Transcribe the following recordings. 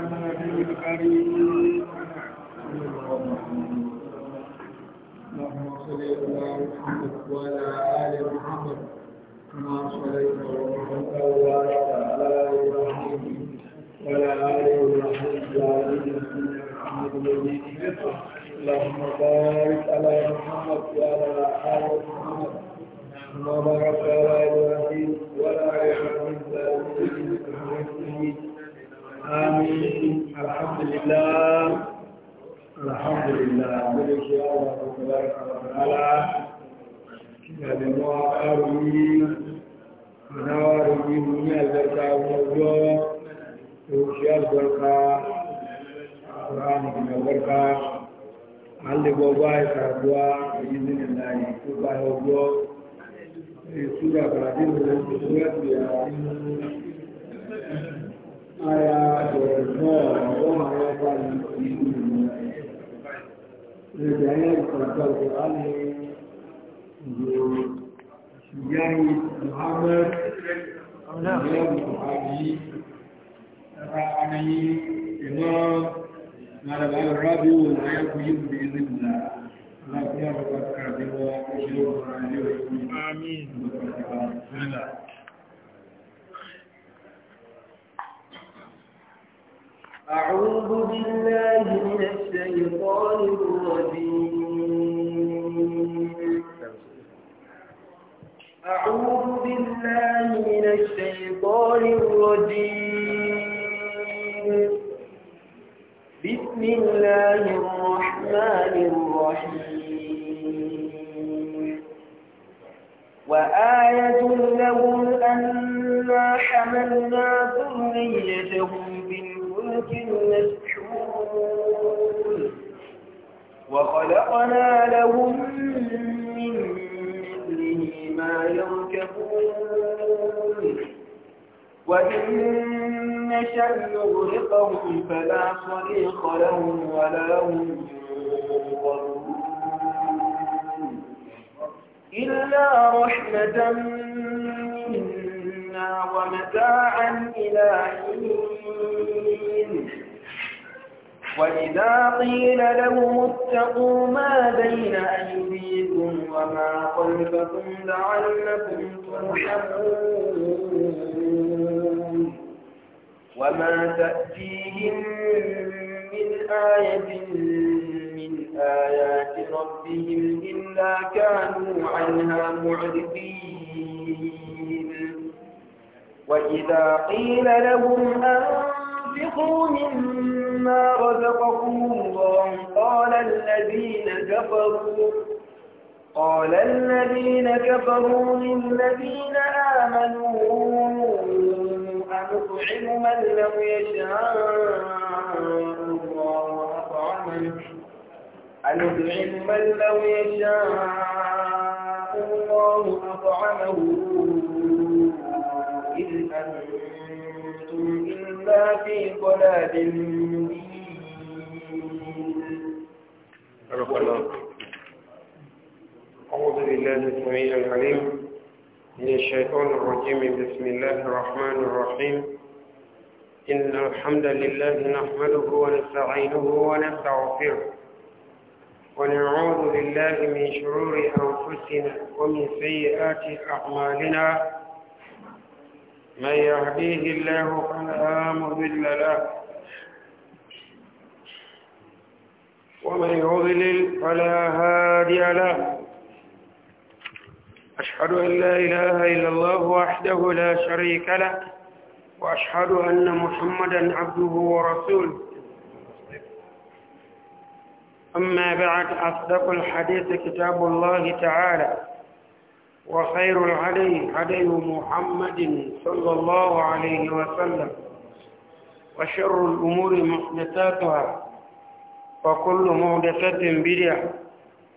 النبي الكريم اللهم صل على محمد وعلى ال محمد كما صليت وبارك وبارك على ابراهيم وعلى ال ابراهيم في العالمين انك حميد مجيد اللهم بارك على محمد وعلى ال محمد كما باركت على ابراهيم وعلى ال ابراهيم في العالمين انك حميد مجيد آمين الحمد لله الحمد لله ملك يا الله تبارك وتعالى كنا للمواقعين ونوارجين من البركة والجوع وشياء البركة القرآن من البركة علي باباي كردوا بإذن الله يكتبها والجوع سورة برادين ولن تسورة برادين ara ẹ̀rọ náà wọ́n máa yá bá ní ìlú ìlú rẹ̀ ní ìpàdé ọ̀gá ní ìlú ìyá Muhammad ìyá Buhari ara ní ìmọ̀ Màràbà Rábí wò láyé kú yìí bí ìlú ìlú Àmín. أعوذ بالله من الشيطان الرجيم أعوذ بالله من الشيطان الرجيم بسم الله الرحمن الرحيم وآية لهم أنا حملنا ذريتهم في وخلقنا لهم من مثله ما يركبون وإن نشأ نغرقهم فلا صريخ لهم ولا هم ينظرون إلا رحمة منا ومتاعا إلى حين وإذا قيل لهم اتقوا ما بين أيديكم وما خلفكم لعلكم ترحمون وما تأتيهم من آية من آيات ربهم إلا كانوا عنها معرضين وإذا قيل لهم أنفقوا مما رزقكم الله قال الذين كفروا قال الذين كفروا للذين آمنوا أنطعم من لم يشاء الله أطعمه أنطعم من لو يشاء الله أطعمه أنتم إلا في ضلال مبين أعوذ بالله السميع العليم من الشيطان الرجيم بسم الله الرحمن الرحيم إن الحمد لله نحمده ونستعينه ونستغفره ونعوذ بالله من شرور أنفسنا ومن سيئات أعمالنا من يهديه الله فلا مضل له ومن يضلل فلا هادي له أشهد أن لا إله إلا الله وحده لا شريك له وأشهد أن محمدا عبده ورسوله أما بعد أصدق الحديث كتاب الله تعالى وخير العلي علي محمد صلى الله عليه وسلم وشر الأمور محدثاتها وكل محدثة بدعة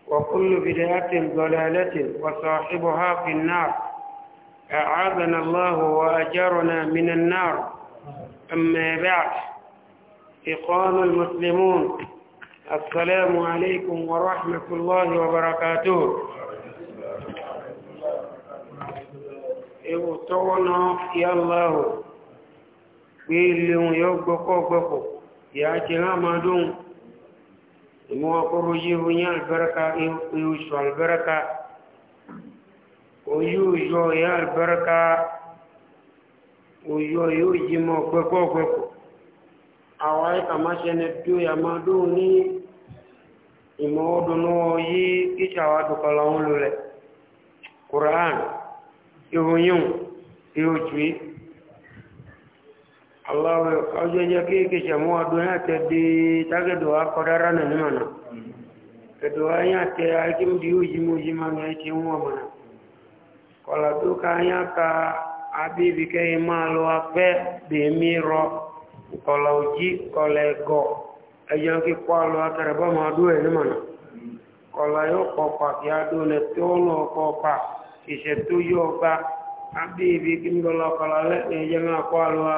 وكل بدعة ضلالة وصاحبها في النار أعاذنا الله وأجرنا من النار أما بعد إقام المسلمون السلام عليكم ورحمة الله وبركاته ewu tọ́wọ́ náà yá láàrù pé ilé wọn yóò gbọ́kọ́ gbọ́kọ̀ yà á ti rán máa dùn ìmú ọkọ̀rọ̀ yíò ní àlùbáraka ìhùsù àlùbáraka oyú yọ ya àlùbáraka oyú yóò yí mọ́ gbọ́kọ́ gbọ́kọ̀ àwọn tó yà máa dùn ní ìmọ̀ ọdún náà yí kíṣà wà dùkọ̀ lọ́wọ́ lulẹ̀ kùrán ìròyìn ìròjúwé aláwẹ̀ ọjọ́ jẹ́ kéèkè ṣẹ̀mọ́ àdúrà àtẹ́dẹ́ tágẹ̀dọ̀wà kọ́dára nà ní mọ̀nà tẹ̀dọ̀wà yá tẹ́ àìkímdì òjímọ̀jí máa mẹ́ẹ̀kí wọ́n mọ̀nà kọ̀lá yóò pọ̀pàá kí á dúnlẹ̀ tí ó lọ pọ̀pàá ìṣètò yóò bá ábí ibi kí ń lọ́lọ́ kọlọ lẹ́yìn ẹjẹ́ máa kọ́ àlọ́wà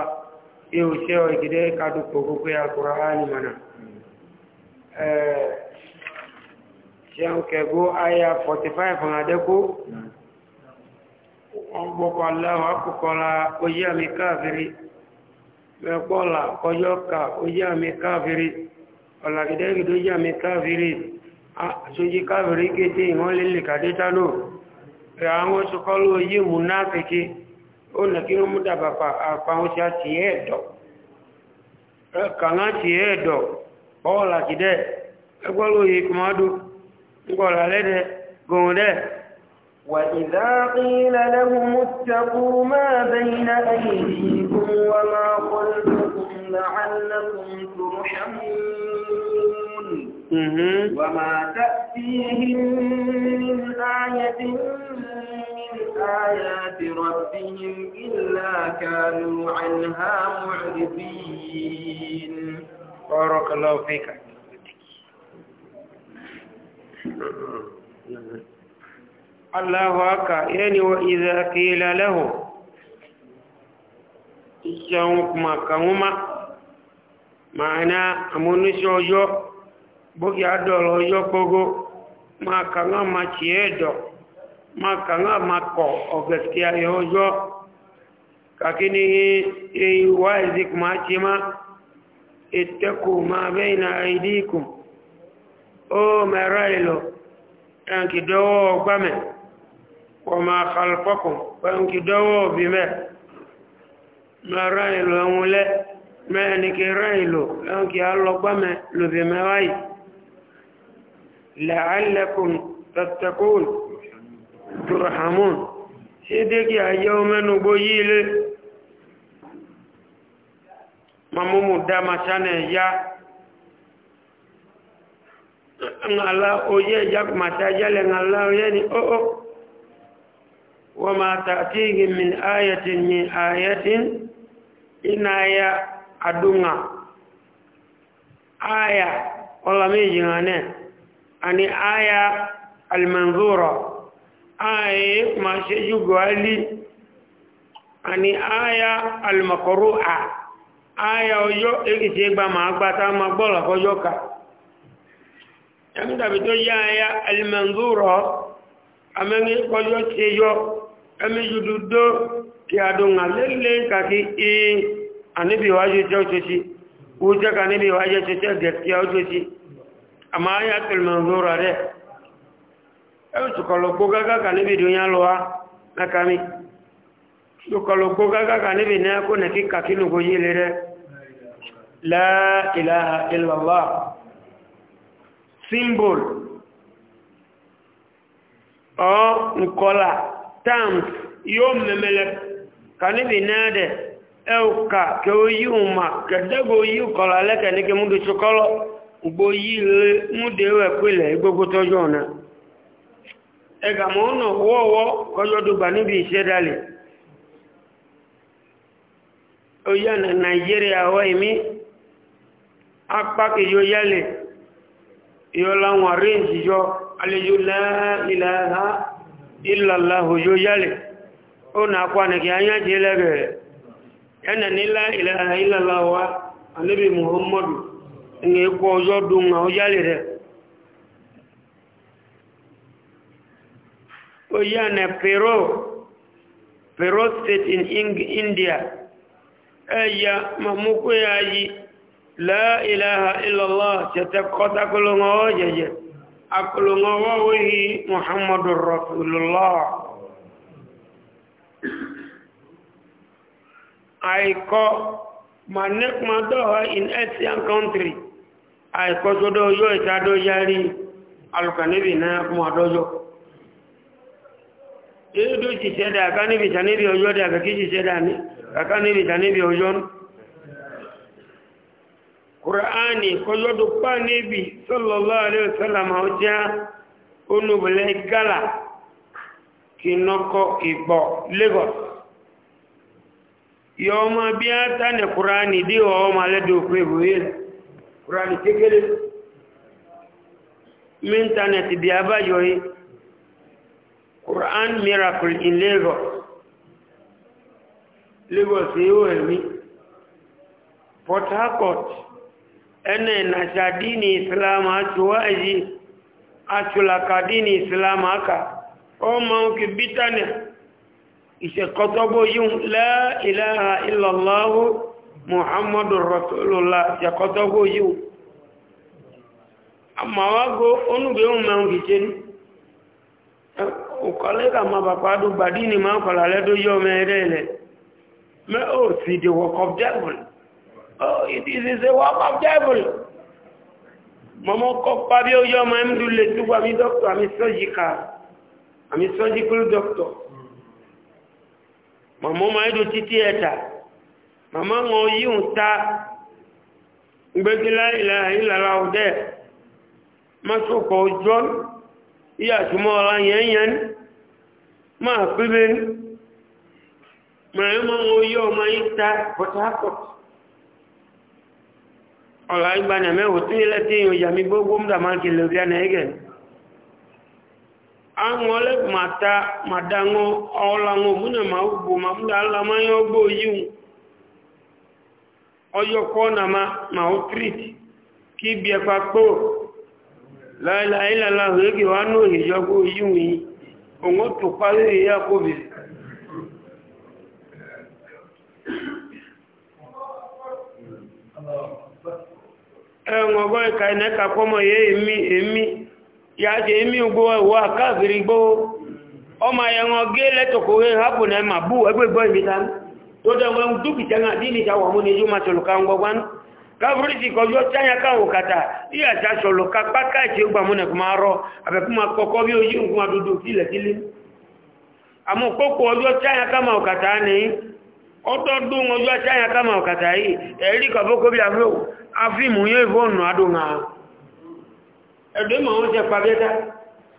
yóò ṣẹ́ ọ ìgidẹ́ kàdùkò gbogbo àkùrọ̀ ánìmọ̀nà ṣeun kẹgbó aya 45 àdẹ́kó wọ́n gbọ́kọ̀ aláwọ̀ akùkọ́lá oyé àmì káàfiri mẹ́pọ́lá ọjọ́ ka oyé àmì káàfiri ọ̀làgidẹ́gidó oyé àmì káàfiri àṣojí ah, káàfiri kéte ìwọ́n lè lè kàdé àwọn ṣokọ́lú oyé mú náà kéèké ó nà kí wọ́n mú dàbà àpàwọn tí a ti ẹ̀dọ̀ kàná ti yẹ́ ẹ̀dọ̀ ọ̀ọ̀là ti dẹ́ ẹgbọ́lú oyé kọmọdún ńgọ̀lá lẹ́dẹ̀ gòun dẹ́ وَإِذَا قِيلَ وما تأتيهم من آية من آيات ربهم إلا كانوا عنها معرضين بارك الله فيك الله أكبر يعني وإذا قيل له كهما معنى أمون àmúnisọ́jọ́ bogi adọlọ yọkpogo maka ŋa ma tsie dɔ maka ŋa ma kɔ ɔgɛsia yɔ yɔ kakini eyi waazi kuma tsi ma eteku ma bɛyi na ayi kum o mɛra yi lɔ ɛnki dɔwɔ gbamɛ kɔma kalifɔku ɛnki dɔwɔ bimɛ mɛra yi lɔ ŋu lɛ mɛ ɛniki ra yi lɔ ɛnki alɔ gbamɛ lobimɛ wa لعلكم تتقون ترحمون سيدك يا يوم نبويل mamumu dama sana ya ngala oye jak mata jale ngala oye ni o o wama ta'tihim min ayatin min ayatin inaya adunga aya olamiji ngane ani aya almanzura aye ma se jugo ali ani aya almaqru'a aya ojo ekise gba ma gba ta ma gboro kojo ka emda bi to ya aya almanzura amengi kojo se yo emi jududo ki adun alele ka ki e anibi waju jo jo si uja ka nibi waju jo jo ge ki ojo si ama ayatul manzura de eu tukalo kogaga kanibi dunya loa nakami tukalo kogaga kanibi na ko na kika kinu go yele de la ilaha illa allah symbol o nkola terms yo memele kanibi na de euka ke oyuma kedago yi kola leke ni ke mundu tukalo ugbo yi le mude we pele igbogbo tojo na ega mo no wo wo kojo do ba ni bi ise dale oya na nigeria wa imi apa ke yo yale yo la won range alejo la ilaha illa allah yo yale ona kwa ne ki anya ji elebere ene ni la ilaha illa allah wa anabi muhammadu ẹ̀kọ́ ọjọ́ dùn àwọn jálè rẹ̀ ó yà ní pẹ̀rọ pẹ̀rọ state in india ẹ̀yà mamukú ya yí láìláha ilọ̀lá tẹ̀tẹ̀ kọ́ta kọlọ̀ngọ́ jẹjẹ akọlọ̀ngọ́ wọ́wọ́ muhammadu rasulullah àìkọ́ ma nípa dọ́wà in asian country àìkọ́sódó yóò ìtàdó yárí alùkànníbì náà fún àdọ́jọ́ ìdú ti ṣẹ́dà àkáníbì tàníbì ọjọ́ dẹ̀ àkàkí ti ṣẹ́dà ní àkáníbì tàníbì ọjọ́ kùránì kọjọ́dù pà níbi sọ́lọ́lọ́ àríwẹ̀sọ́làmà ọjá onúbẹ̀lẹ̀ gálà kìnnọ́kọ ìgbọ̀ lagos yọ ọmọ bí á tánẹ̀ kùránì dí ọmọ alẹ́dẹ̀ òkú ìbòyè kụrụ anyị kekelee n'ịntanetị bịa banyere yi. quran mirakulu in lagos lagos yi ọ na-ewu. Port Harcourt na-enacha dini islamu atụwa echi achụlaka dini islamu aka ọ ma ọ ga-ebitanye ịchekwa ọgbọ ndị ọjọọ ndị na muhammadu rasulullah yakoto go yiwu amma wago onugbe ohun mẹun kìíṣe ní ọkọlẹ́gà ma bàbá àdúgbà dínì máa kọ̀lá lẹ́dọ́ yọ mẹ́rẹ́ ilẹ̀ mẹ́ o sì the work of devil oh it is a work of devil mọ́mọ́ kọ́pá bí ó yọ ma ń dúlé túgbà mi doctor àmì surgical àmì surgical doctor mọ́mọ́ ma ń dùn títí màmá wọn yíò ta gbẹ́gílá ilẹ̀ ìlàlá ọdẹ́ mọ́sọ̀kọ̀ ọjọ́ ìyàtúmọ̀ ọ̀la yẹn yẹn máa pípẹ́ màá mọ́ wọn yíò máa yí ta port harcourt ọ̀la ìgbàna mẹ́wò tí ilẹ̀ tí yóò yàmí gbogbo mdàmáàkì lórí àná ẹgẹ̀ àwọn ọlẹ́gbọ̀n màta ma ma ọjọ́ kọ́nà ma ó tírìt kí bí ẹ papò láìláìlàlá òyìnkì wá ní òyìnjọgbó yíwì òun ó tó parí ìyá kóbi ẹ̀wọ̀n ọgọ́ ìka ìnẹ́ka kọmọ yé èmi èmi yáṣe èmi gbó ẹ̀wọ́ àkáàkiri gbó ọmọ ẹ̀wọ̀n gé lẹ́tọ̀kọ̀ toda wa mduki tanga dini cha wa mune juma choloka ngogwan kavrisi kojo tanya ka ukata iya cha choloka paka che uba mune kumaro abe kuma koko bio yu kuma dudu kile kile amu kama ukata ni oto dun ojo kama ukata hii eri ka boko bi afro afimu yevo no adunga edema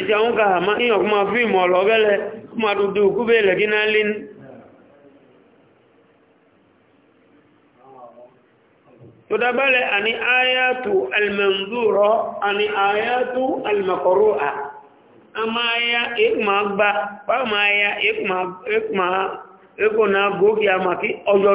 ìṣàwọn ka àmá yíyàn kó máa fíìmù ọ̀lọ́gẹ́lẹ̀ kó máa dúdú kú bèèlẹ̀ kí náà lé ní tó dábẹ́lẹ̀ àní ayátù alìmẹ̀ndúrọ̀ àní ayátù alìmẹ̀kọ̀rọ̀ à a máa ya ekùnmá gbá bá máa ya ekùnmá ekùnmá gókè àmà kí ọjọ́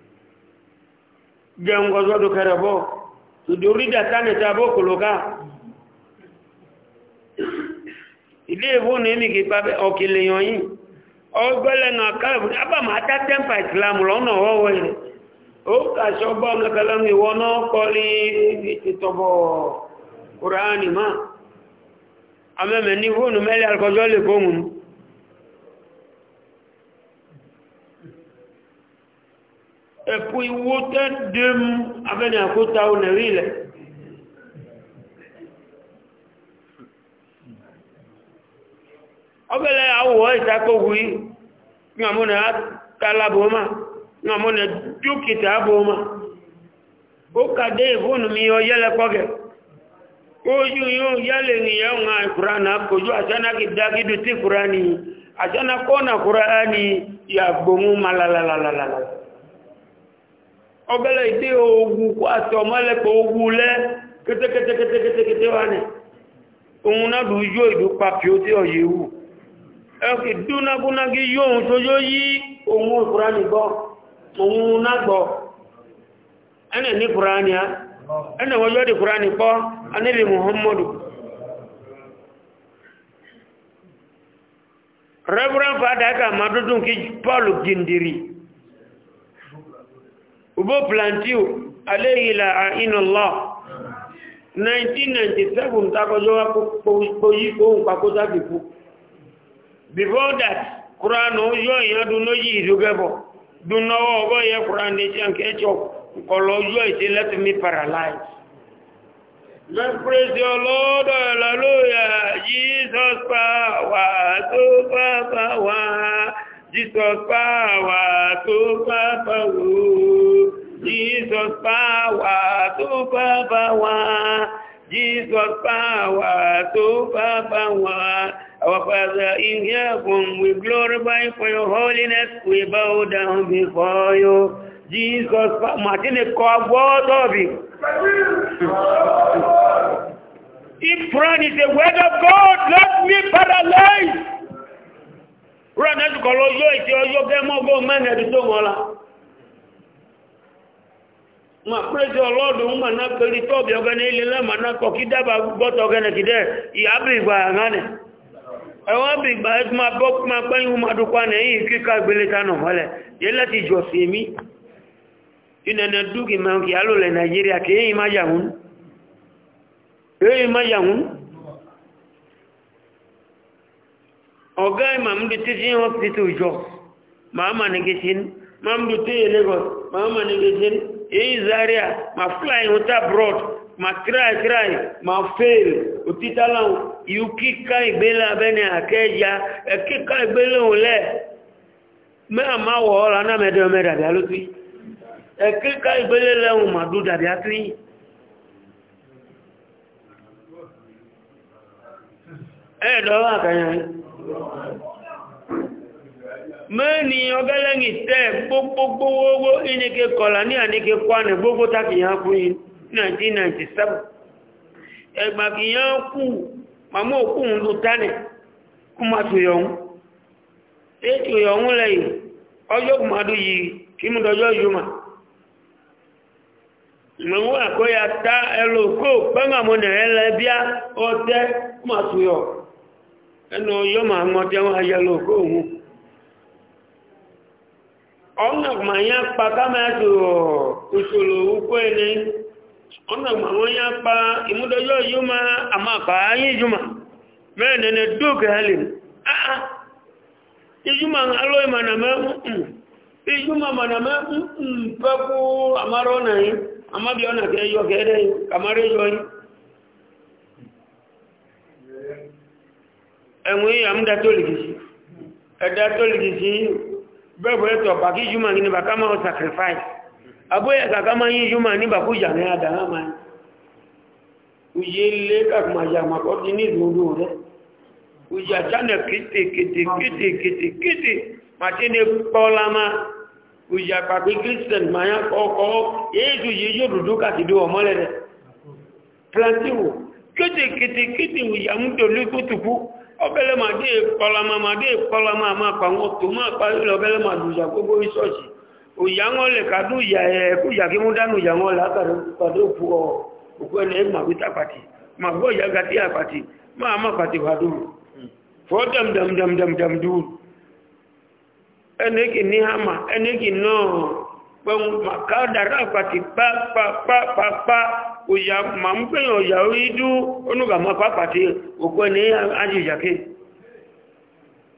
gẹ̀ǹgọ́zọ́dù kẹrẹ̀bọ́ ìdórídà tánẹ̀tà bókòlóká ilé ìwò ní ní kí pàbẹ́ ọ̀kìlẹ̀ yàn yìí ọgbẹ́lẹ̀ náà káàbù abàmà átá tẹ́mpà ìsìlámù lọ́nà ọwọ́ rẹ̀ ó kàṣọ bọ́ mẹ́kẹ́lẹ́mù ìwọ náà kọ́lé ìtọ̀bọ̀ kùránì máa amẹ́mẹ́ ní fóònù ẹ̀kú iwó tẹ́ dé mú abẹ́ni àkóta onẹ̀rí ilẹ̀ ọbẹ̀lẹ̀ àwọ̀ ìtakòwú yìí ní àmúnẹ̀ àtàlábò máa ní àmúnẹ̀ dúkìtà àbò máa O kàdé ìfóònù mi ọyẹ́lẹ̀ ya ojú yóò yálẹ̀ ìyẹ́ ọ̀nà ìkùránà kojú ya dágídù tí kùránì àṣánákọ́nà kùránì yàgbòmú malalalalalalala ọgbẹ́lẹ̀ ìdí ogun kó àti ọmọlẹ́pọ̀ ogun lẹ́ kétékétékétékété wà ní ohun náà yóò papì ó tí ọ̀yẹ̀ wù dúnagúnagí yóò tó yóò yí ohun ohun náà gbọ́ ẹnẹ̀ ní ẹnẹ̀ wọ́n anílì muhammadu kí paul gindiri Ubo plantiu alayhi la'in Allah 1997 takojo wa poyi ko pa ko ta before that Quran o yo yan dun loji irugebo dun nowo obo ye Quran ni chan ke cho ko lo paralyze Let's praise your Lord, hallelujah, Jesus power, super power, Jesus power, super power. Jesus power to bá bá Jesus power to bá bá Our Father in heaven, we glorify for your holiness. We bow down before you. Jesus, Imagine Martini word of bí. If prayer is the word of God, let me paralyze. Rọ́nà ti kọ̀ lọ yóò ìṣẹ́ ọjọ́ gẹ́mọ́gbọ́ mẹ́rin ẹ̀dùn tó mọ́lá ma prejo lord um, ma na peli to bi ogane ile la ma na ko kida ba gbo to ogane kide i abi gba ngane e wa bi gba et ma bok ma pe yu ma du kwa ne yi ki ka gbele ta no mi ina na du nigeria ke yi e ma ya hun e yi ma ya hun oga imam e du teaching hospital jo ma ma ne ke e is aria ma fly on top ma try try ma fail o titala o yi kika igbele abenia ke ya e kika igbele o le mea ma wo ora na medo ome dabi aluti e kika igbele e leun ma do dabi a trien e eno abenia mẹ́ni ọgẹ́lẹ́yìn tẹ́ gbogbogbogbogbò inike kọ̀lá ní àníke kwánì gbogbo takìyàn kú yìí 1997 ẹgbàkìyàn kú màmú òkú ń lò tánì kú ma tòyọ̀hún tí tòyọ̀hún lẹ́yìn ọjọ́ kùmàdù yìí kí mú dọjọ́ àkóyà tá ọ̀nàgbà ya pa kámẹ́tù òṣòlò ukú ẹni ọ̀nàgbà wọ́n ya pa ìmúdọ́jọ́ yíma àmà àbáyé ìjúmà mẹ́rin ni dókè alì àà ìjúmà alọ́ ìmànàmẹ́ ìjúmà mànàmẹ́ pẹ́kú àmárọ́ nàí àmábí ọ̀nà kẹyọ kẹ́ẹ̀dẹ́ kàmárẹ́ yọ yìí ẹ̀wọ̀n yìí àmúdá tó lè kìí ẹ̀dá tó lè kìí bẹ́ẹ̀bẹ̀rẹ̀ tọ̀ bàkí jùmọ̀ ní bàká máa sacrifice abóyẹ̀ kàká máa yí jùmọ̀ ní bàkú jà ní àdáhà máa ujé lé kàkùmàjà màkọ́ di ní rẹ̀ màtí ní pọ́lámá ujé àpapí christian máa ọkọ̀ yéésù yìí yóò dúdú ọbẹ̀lẹ̀ máa dé ìpọlama máa dé ìpọlama máa pa àwọn tó máa parí lọ ọbẹ̀lẹ̀ máa dùjà gbogbo ìṣọ́ọ̀ṣì òyà wọn lè kàdú ìyà ẹ̀kú ìyà kí mú dánú ìyà wọn látàrí pàdé òkú ọ òkú ẹni ẹ̀ máa wíta pàtì máa gbọ́ ìyá gàtí àpàtì máa pẹ̀lú màkádàrá pàtì pápápápá òyà màmúgbẹ̀yàn òyà orí dú onúgbàmọ́ pàpàtì òpẹ́ ní ajíjàké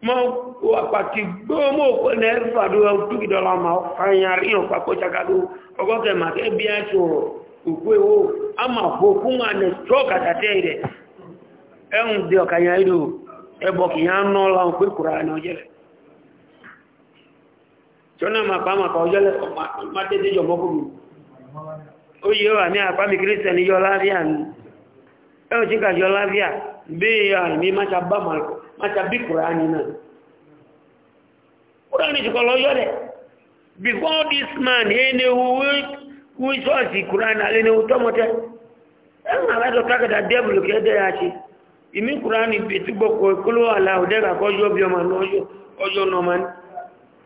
mọ́ pàtì gbọ́mọ́ òpẹ́ ní ẹ̀fàdó ma fàyàrí ọ̀pàpọ̀ ṣakadó ọgọ́kẹ̀ màkẹ́ bí a máa fò fún wa ní trọ́kàtàtẹ́ rẹ̀ ẹ̀hùn dé ọ̀kàyà ìlú ẹbọ̀kìyàn náà láwọn pé kùrà tọ́nà máa pa máa pa ọjọ́ lẹ́kọ̀ọ́ máa tètè jọ mọ́kùnrin ó yẹ wà ní àpámi kírísítẹ̀ni yọ láríà ní ẹ̀rùn tí kàjọ láríà bí i àìní máta bí kùránì náà kùránì ti kọ́ rẹ̀ before ṣe ìmí kùránì bẹ̀túgbọ̀kọ̀ bí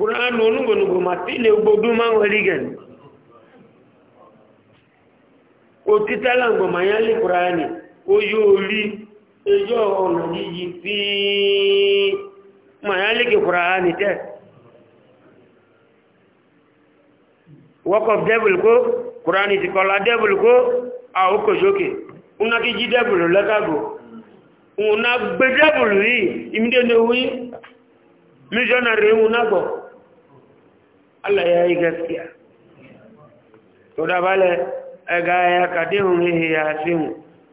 kuranu onugbonugo matile ugboduma weligen otitala ngoma yale kurani oyo oli ejo ona yiji fi mayale ke kurani te work of devil ko kurani ti kola devil ko a oko joke una ki ji devil lekago una gbe devil yi imide ne wi missionary una go Allah ya yi gaskiya to da bale ga ya kadihun hihi ya hasimu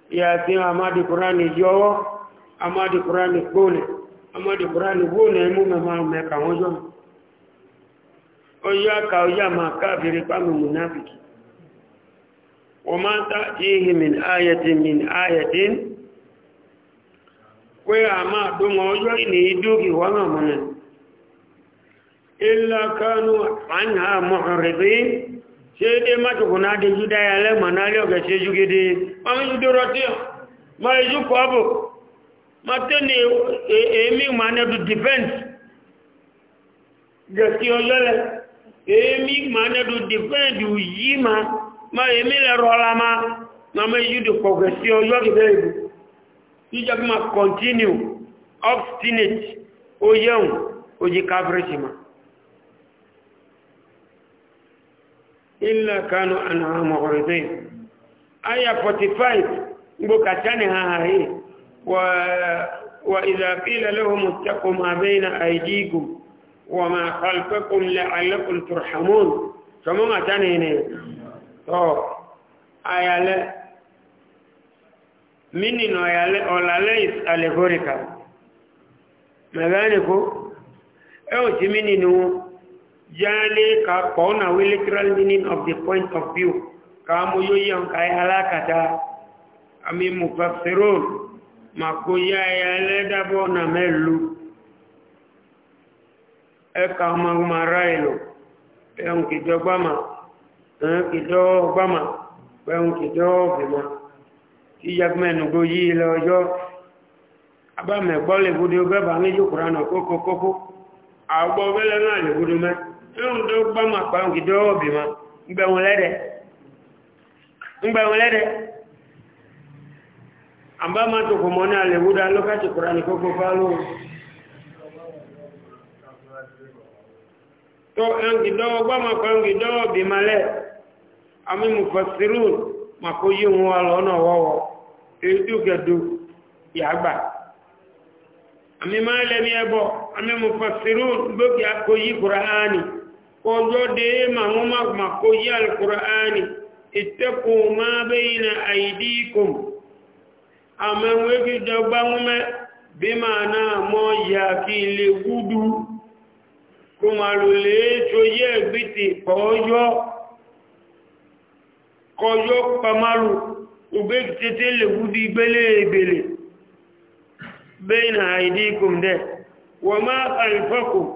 ya hasimu amma da ƙurani yọwọ́ amma da ƙurani gbóne amma da ƙurani gbóne mú mẹ́mọ́ mẹ́ka wọ́n jọ oyo aka oyo ma káàkiri pàmì munafiki wọ́n máa ta ihe min ayatin min ayatin pé a máa dúnmọ̀ oyo ilẹ̀ idú ìwọ́n mọ̀ mọ̀ náà illa kanu anha muhridin se de ma to na de ya le mana le ga se jugede ma mi judoro ti ma ju ko abo ma teni emi ma na du defense de ti o lele emi ma na du defense u yi ma ma emi le rola ma ma me ju de ko ge ti o yo ge be ti ja ma continue obstinate o yeun o ji coverage ma illa kanu anha mu'ridin aya 45 mboka tani hahi wa wa idha qila lahum ittaqu ma bayna aydikum wa ma khalfakum la'allakum turhamun kama tani ne to aya le mini no aya le ola is allegorical magani ko eo timini no yale ka kona we literal meaning of the point of view kamo yoyi an kai halaka ta ami mufassirun makoya yale dabo na melu e ka ma marailo e un ki dogama e ki dogama e un ki dogama ti e yagmenu go yi lojo abame gbole gudu beba ngi qur'an koko koko agbo bele na le gudu me lóhun tó gbá mà pa òkè tó ọ̀bì ma ń gbẹ wọn lẹ́dẹ̀ ń gbẹ wọn lẹ́dẹ̀ àbá máa tó kò mọ́ ní alẹ́ wúdà lókàtí kura ní kókó bá lóhun tó ẹnkì dọ́wọ́ gbá mà pa òkè tó ọ̀bì ma lẹ́ àmì mufasirun mà kó yí wọn wà lọ́nà wọ́wọ́ èyí tó kẹ́dù yàgbà àmì máa lẹ́ni ẹbọ àmì mufasirun ọjọ́ dé màwọn magmako yí alkùránì ìtẹ́kù ma bẹ́yìn na ikùn àmẹ́wé fi jọgbá múmẹ́ bí ma náà mọ́ yà kí ilé gúdú kò ma lò lè tó yẹ́ ẹ̀gbìtì pọ̀ọ́yọ́ kọjọ́ pàmàlù ògbé lè gúdú ìgbélé na dẹ̀ wọ́n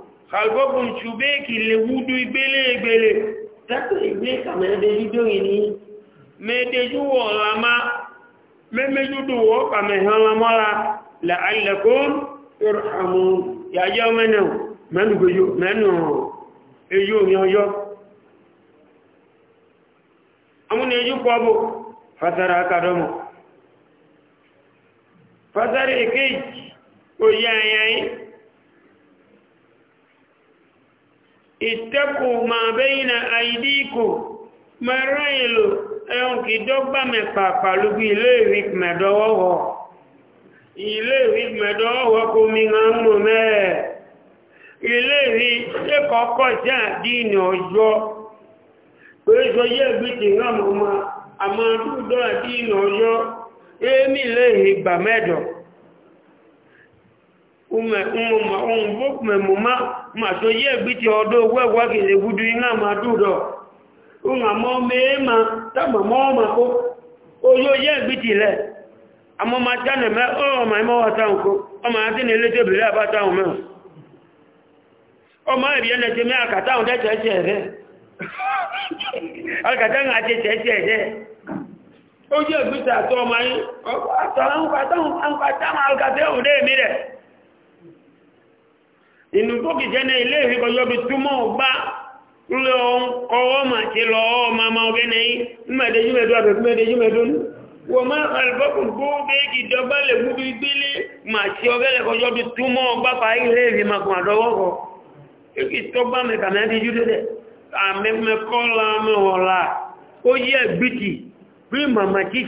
kàgbọ́gùn ṣù béèkì lè wúdú ìgbélé ìgbélé tẹ́kù ìgbé kàmẹ́dẹ́ yídó ìní mẹ́dẹ́jú wọ̀ lámá mẹ́mẹ́júdù wọ́ kàmẹ́hán lámọ́lá làálẹ̀kún ìrọ̀hàmù yàjọ́ mẹ́nu ejú omi ọjọ́ amúnà ejú pọ́bù fásara akadọ́mù fásara èkéjì òyí ayayi اتقوا ما بين أيديكم mẹ́rọ ìlò ẹ̀hùn kì dọ́gbà mẹ́pà pàlúgbì ilé ìrìkmẹ̀dọ́wọ́wọ́ ilé ìrìkmẹ̀dọ́wọ́wọ́ kò mi ń mú mẹ́ẹ̀ ilé ìrìkọ́kọ́ jẹ́ àdínì ọjọ́ pẹ̀lú yẹ́ gbìtì rámọ́má àmàdúdọ́ àdínì ọjọ́ èémì ilé ìgbà mẹ́dọ̀ ma to ye ti odo wewa kele gudu ma dudo unga mo mema ta ma mo ma ko oyo ye e ti le amo ma jane me o ma e mo wa ta ko o ma ti ni leje bele aba ta o me o ma ri ene je me aka ta de je je re aka ta nga je je je ato ma yi o ta an ta an ta ma alka te o de mi re inú tókì jẹ́ ní ilé ìfikọjọ́ bí túmọ̀ gbá lé ọwọ́ mà ti lọ ọwọ́ ma ma ọgẹ́ nẹ́yí mẹ́dẹ̀júmẹ́dún àbẹ̀kúmẹ́dẹ̀júmẹ́dún wọ́n má alifọ́kùn kó bẹ́ẹ̀kì dọ́gbà lè gúbi gbélé mà ti ọgẹ́ lẹ́kọjọ́ bí túmọ̀ gbá pa ilé ìfimakùn àdọ́wọ́kọ̀ èkì tọ́gbà mẹ́ta mẹ́ta bí màmá tí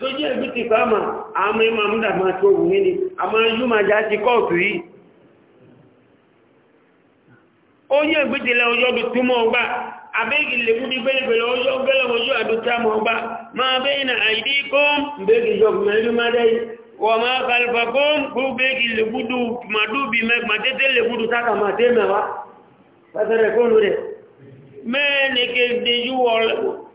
sójú ẹ̀bí ti fáàmà àmì ìmọ̀ múdà máa tó wù nínú àmà yú máa já ti kọ́ọ̀tù yìí ó yẹ ẹ̀bí ti lẹ ọjọ́ bí túmọ̀ ọgbà abẹ́gì lèkú ní pẹ́lẹ̀pẹ̀lẹ̀ ọjọ́ gẹ́lẹ̀ ọjọ́ àdúgbà mọ̀ ọgbà máa bẹ́yìn náà àìdí kó bẹ́gì jọ mẹ́rin má dẹ́yìn wọ́n máa kàlùfà kó kó bẹ́gì lèkúdù màdúbì màtẹ́tẹ́ lèkúdù sáka màtẹ́ mẹ́wàá pàtàkì kónú rẹ̀ mẹ́ẹ̀nì kejì yúwọ́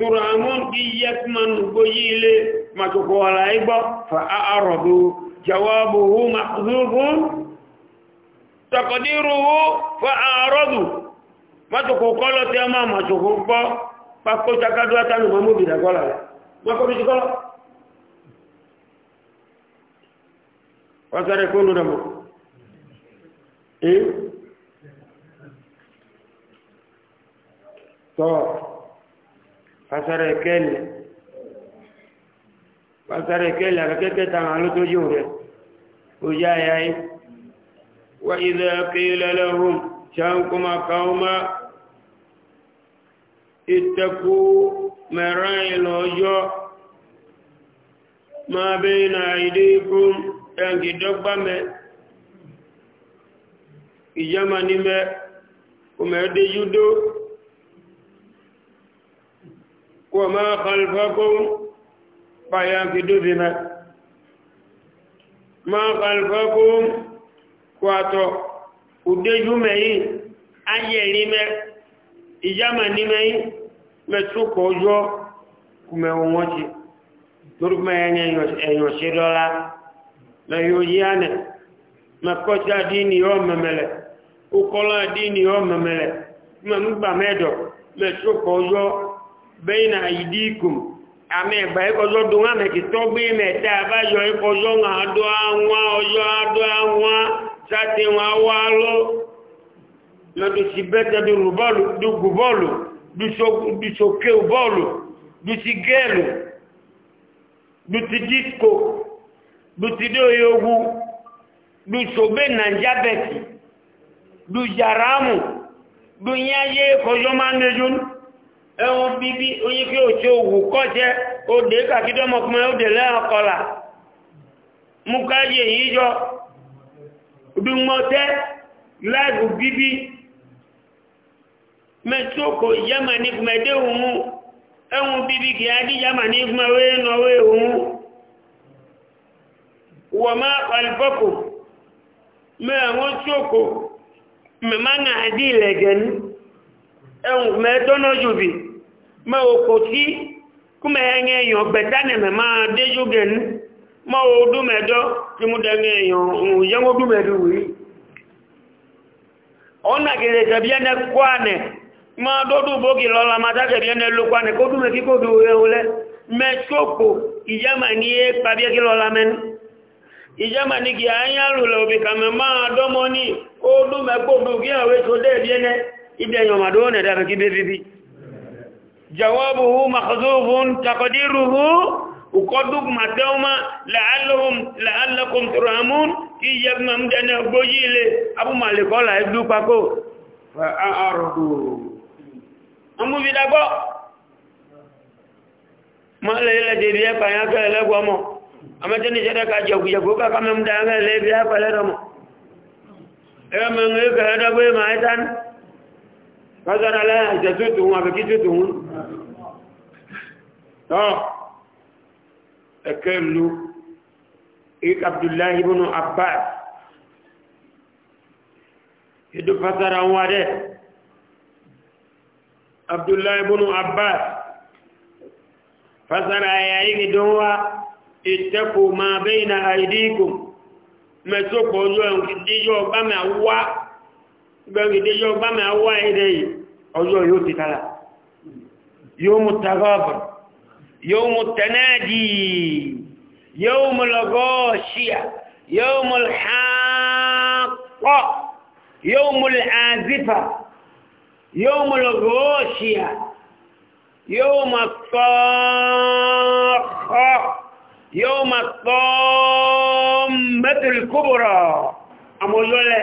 turamun iyek man goyile matuko wala ibo fa a'radu jawabuhu mahzufun taqdiruhu fa a'radu matuko kolo tema matuko bo pako takadu atanu mamu bila kola mako bi kola wasare kundu damo eh to so pasara ekele pasara ekele akakeke tanga loto jure ujayai wa idha qila lahum shankuma qauma ittaku marai lojo ma baina aidikum tangi dogbame ijama nime kumede yudo وما خلفكم بياك دزنا ما خلفكم واتو ودجو مي ايري مي اجامني مي متسوكو جو kumewongoji turuma yenye enyoshiriola na yoyiane makosa dini yo memele ukola dini yo memele kuma mgba bẹ́yìn àìdí ikùn àmì ẹ̀gbà ẹkọjọ́ dùn àmì kìtọ́ gbé mẹ́ta àbáyọ ẹkọjọ́ àádọ́ àwọn ọjọ́ àádọ́ àwọn sáti wọn wá lọ lọ́dún sí bẹ́tẹ̀ bọọlụ bọ́ọ̀lù dùgù disco máa ń lẹ́jọ́ e bíbí oyin kí òjò òwú kọ́jẹ́ òdè kàkídọ́mọkùnrin òdè lẹ́yìn kọlà mú káyé yìí yọ dùmọ̀tẹ́ láàgù bíbí mẹ́tíòkò bíbí kì á dí mẹ́tọ́nà ma o ko ti kuma enye yo beta ne me ma de jugen ma o du me do ti mu de ne yo o ye mo du me du wi ona ke le tabia ne kwane ma do du bo ki lola ma ta ke bien ne lu kwane ko du me ki ko du e o le me choko i yama ni e pa bia ki lola men i yama ni ki anya lu lo bi ka me ma do mo ni o du me ko du bi a we so de bien ne ibe yo ma do ne da ki bi bi جوابه مخذوف تقديره وقدوك ما توما لعلهم لعلكم ترحمون كي يبنى مدنا بوجيل أبو مالك الله يبدو باكو فأعرضوا أمو بداكو ما ليلة جديا فياك لك ومو أما تني شدك أجوك يقوك كم مدعنا لبيا فلرمو أما نغيك هذا بي ما يتان lọ́sọ̀rọ̀ aláyà ìjẹ́ tó tòun àbẹ̀kí tó tòun tọ́ ẹ̀kẹ́ lu abdullahi ibn abbas ìdú fasara ń wá dẹ́ abdullahi ibn abbas fasara yayin idon wa ìtẹ́kù ma bẹ́ na àìdíkù mẹ́sọ́kọ̀ọ́jọ́ ìdíjọ́ bá bẹ́ẹ̀ ìdí yóò bá mi wá èdè yìí ọjọ́ yóò ti kálá yóò mú tagọ́bọ̀ yóò mú tẹ́nẹ́dì yóò mú lọ́gọ́ ṣíà yóò mú lọ́pọ̀ yóò mú àzífà yóò mú lọ́gọ́ ṣíà yóò mú tọ́ọ̀kọ́ yóò mú tọ́ọ̀mẹ́tìlì kúbùrọ̀ àmójọ́lẹ̀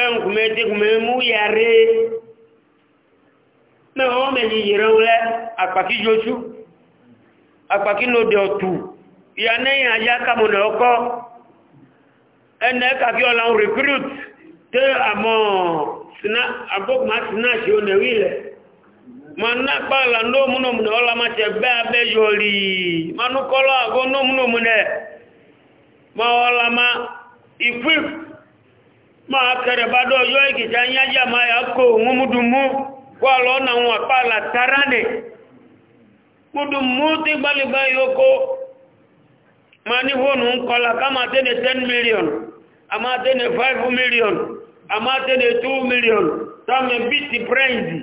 ẹnkùnmẹ́tí kùnmẹ́mú yàrí mẹ́wọ́n wọ́n mẹ́jì yìí wọlé àpàkí jojú àpàkí lóde ọ̀tù ìyànẹ́yìn ajá kàmùnà ọkọ́ ẹnẹ́ kàkí ọ̀la ń recruit tẹ́ àmọ́ àbọ́kùnmá sinasi onẹ̀wí ilẹ̀ ma ná ma tẹ̀ gbẹ́ abẹ́ yọrí ma ma ọ̀la ma máa kẹrẹ bá dọ́ yọ ìkìtà yájá máa yà kó wọn múdùmú wà lọ́nà wọn àpáàlà tàrà nì múdùmú tí gbálígbá yóò ma ní fóònù ń kọlá ká máa tẹ́nẹ̀ 10 million a máa tẹ́nẹ̀ 5 million a máa tẹ́nẹ̀ 2 million tàmì bí ti prẹ́ǹdì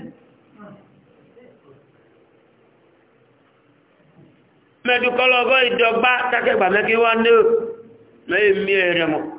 mẹ́dùkọ́lọ́gọ́ ìjọba tákẹ́gbà mẹ́kí wá ní mẹ́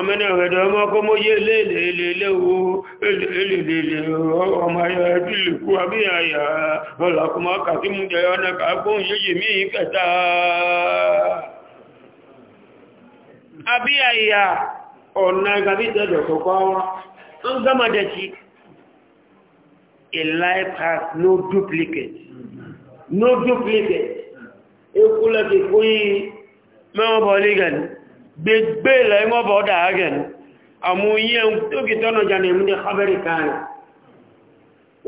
amẹ́nà ọ̀rẹ́dọ̀ ọmọ ọkọ́ mọ́ yé lélẹ̀ẹ́lẹ̀ ọmọ ayọ́ ẹbí ọlọ́kùnmọ́ kàtí mú jẹ́ ọ̀nà kàákùn yéyè mí kẹta àbí ọ̀nà gàbítẹ̀dọ̀ kọ́kọ́ wá ń a life has no duplicate no duplicate ekúlẹ̀ kìkú yìí mẹ́wọ́n bọ̀ lẹ́gàn gbegbe ilẹ̀ ń ọbọ̀ ọdá agẹ̀ àmú yíẹ tó kì tọ́nà jàndà ìmúdé habari kan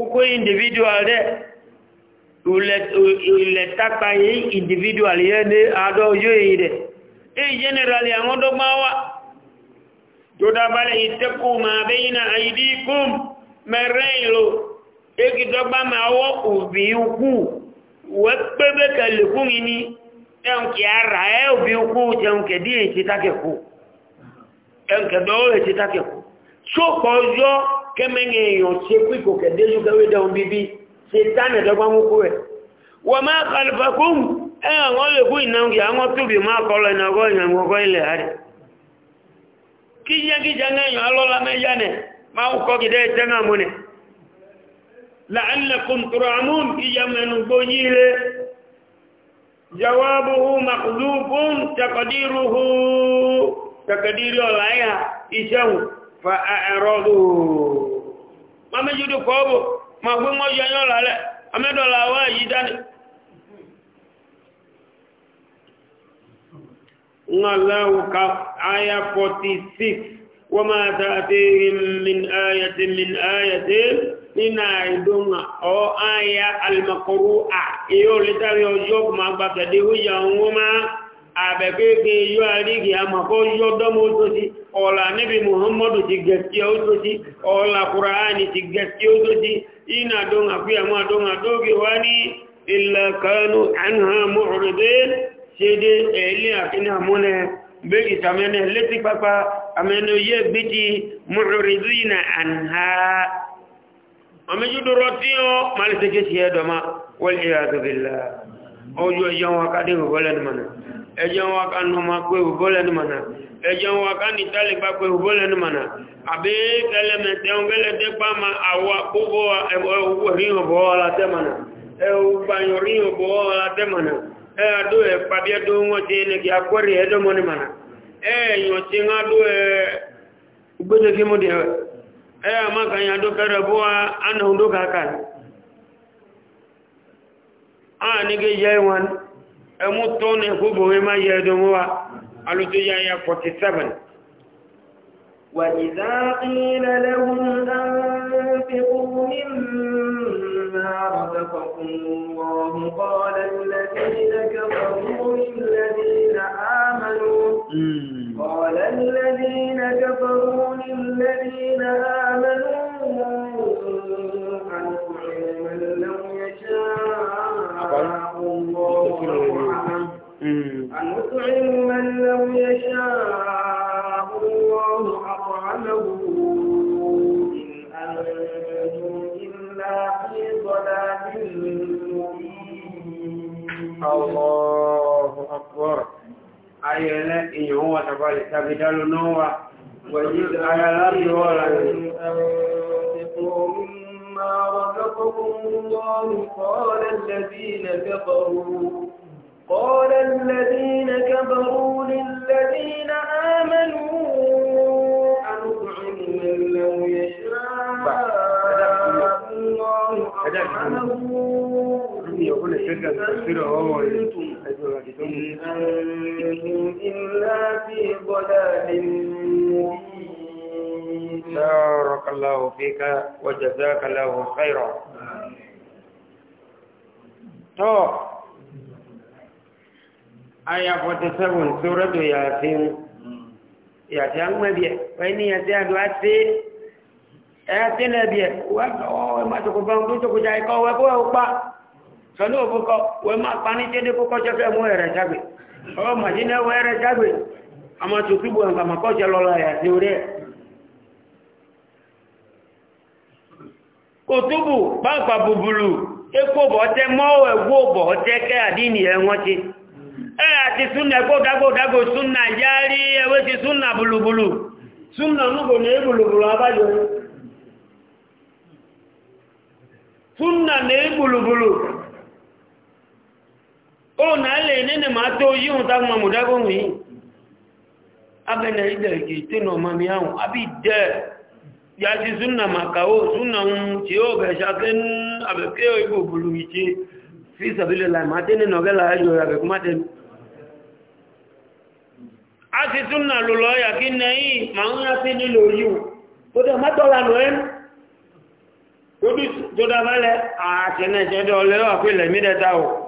ukó individual dẹ́ ilẹ̀ tapa yí individual yẹ́ ní àádọ́ ojú èyí dẹ̀ èyí generally àwọn ọdọ́gbà wà tó dábálẹ̀ ìtẹ́kù ma bẹ́yìn ẹnkì ara ẹ òbí ukú jẹunkẹ dí èsì tákẹ̀kù ẹnkẹ dọ́wọ́ èsì tákẹ̀kù sóòpọ̀ ọjọ́ kẹ́mẹ́yìn èèyàn ṣe pípò kẹ̀dẹ́sù kẹwé dẹun bíbí ṣe tánẹ̀ dọ́gbámúkú rẹ̀ wọ́n máa kàlùfàkún ẹ̀yàn wọ́n lè kú ìnáwó àwọn tóbi máa kọlọ ìnáwó ìyàngọ́gọ́ ilẹ̀ rẹ̀ kí jẹ́ kí jẹ́ ẹ̀yàn alọ́lá mẹ́yà nẹ̀ máa ń kọ́ gidẹ́ ìtẹ́nàmúnẹ̀ láàrín lẹ́kùn tùrọ̀ jawabuhu makhdhufun taqdiruhu taqdiru laya ishahu fa a'radu mama judu kobo ma gbe mo yo yo lale amedo la wa yi dani ngalau ka aya 46 wama ta'tihim min ayatin min ayatin ina idunga o aya almakuru'a iyo litari ojo kuma gbata de huya ngoma abekeke yo arigi ama ko yo domo tosi ola nabi muhammadu ti gesti o tosi ola qur'ani ti gesti o tosi ina dunga kuya ma dunga dogi wani illa kanu anha mu'ridin sede eli akina mune begi tamene leti papa amene amejudo rotiyo maliseke siedo ma waliyadu billah ojo ejan wa kadi hubolen mana ejan wa kan numa kwe hubolen mana ejan wa kan nitali gba kwe hubolen ma awa kubo ewu riyo bo ala te mana ewu gbanyo riyo bo ala e adu e pabi adu ngo tiene e yo tinga e ubede ki ɗaya eh, maka ya duka rabuwa an hun duka kan a ah, nige yaiwan emu eh, to ne kubo ma ya domowa a lutu ya ya 47 وإذا رزقكم الله قال الذين كفروا للذين آمنوا قال الذين كفروا للذين آمنوا من لو يشاء الله أن نطعم من لو يشاء الله أكبر أيلا إن هو تبالي تبدل نوى وجد أيلا يولا أنفقوا مما رزقكم الله قال الذين كفروا قال الذين كفروا للذين آمنوا أنطعم من لو يشاء الله أطعمه إن يكون شركا تفسيره هو إلا في ضلال مبين بارك الله فيك وجزاك الله خيرا تو آية 47 سورة ياسين ياسين ما بيه وإن ياسين أدوات ẹ̀yà tí ilẹ̀ bí ẹ̀ wọ́n mọ́tòkù bá ń tó tókù jà ikọ́ wẹ́kọ́ wẹ́ pa sọ́nà òfúkọ wẹ́ máa pa ní tẹ́lẹ̀ kókọ́ jẹ́fẹ́ mú ẹ̀rẹ̀ jágbé ọwọ́ màdínà ẹwọ́ ẹ̀rẹ̀ jágbé àmọ́ tó kíbo ẹ̀ǹkà màkọ́ jẹ́ lọ́la ẹ̀yà sí orí ẹ̀ kò túbù bọ̀ mọ́ bọ̀ kẹ́ àdínì ti ẹ̀ àti súnà ẹ̀kọ́ súnà ti súnà súnà ní o na le nene ma to yi un ta ma mu da go mi abena ide ki ti no ma mi awon abi de ya ji sunna ma ka o sunna un ti o be sha ken abe fi sabile la ma te ne no ya be kuma te a ti ya kin nei ma ni lo yi o de ma to la no en Obi tó dábálẹ̀ àtẹnẹ̀jẹ́dọ̀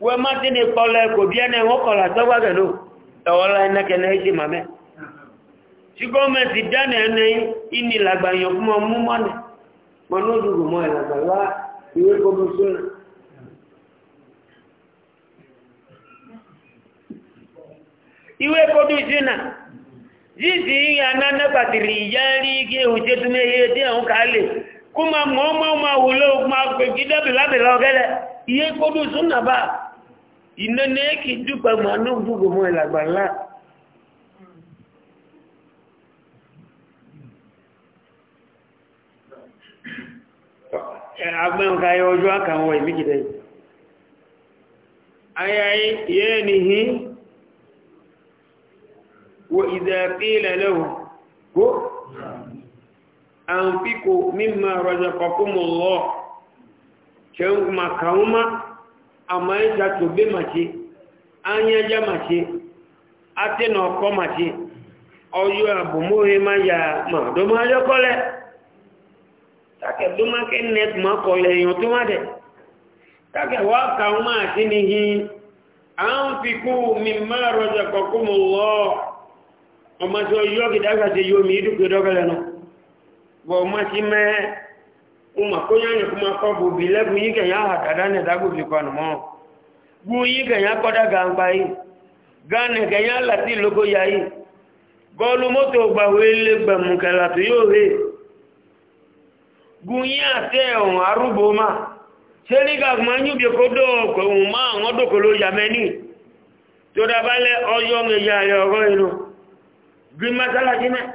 we mati ni kpọlọ kò bí ẹni wọ́n kọ̀lá tọ́gbàgẹ̀ ló ẹ̀wọ́lá ẹnẹ́kẹ́ náà ṣe màmẹ́ tí gọ́ọ̀mẹ̀ntì dáná ẹni ìní làgbàyàn fún ọmú mọ́nà mọ́ ní òdùgbò mọ́ Iwe ìwé kọmọsọ́nà ìwé kọmọsọ́nà jíìsì ìyá kó ìnẹ́nẹ́ kì í dúpẹ́ mọ́ ní gbogbo mọ́ ìlàgbà ńlá agbẹ́nkà yọ ọjọ́ àkàwọ̀ ìmìjìdẹ̀ ayayi yẹ́ nìhí wọ ìdẹ̀kílẹ̀ lẹ́wọ̀ kó àǹfíkò mímọ̀ rọ̀jẹ̀kọ̀kúnmọ̀ lọ́ kẹ́ amaija tobe machi anyaja machi ate na ọkọ machi ọyọ abụmohe ma ya ma domayo kọlẹ take domake net ma kọlẹ èèyàn tó má dẹ take wá ka ọmọ àti níhi à ń fi kú mi máa rọjà kọkú mọ kuma konya ne kuma ko bu bile bu yi ya ha kada ne da bu bi kwa no bu yi ke ya ko da gan pa yi gan ne ke ya la ti logo ya yi golu moto gba wele gba mu ka la to yo he bu yi ate on arubo ma seli ga ma nyu bi ko do ko ma ya me ni to ya yo ro inu gbi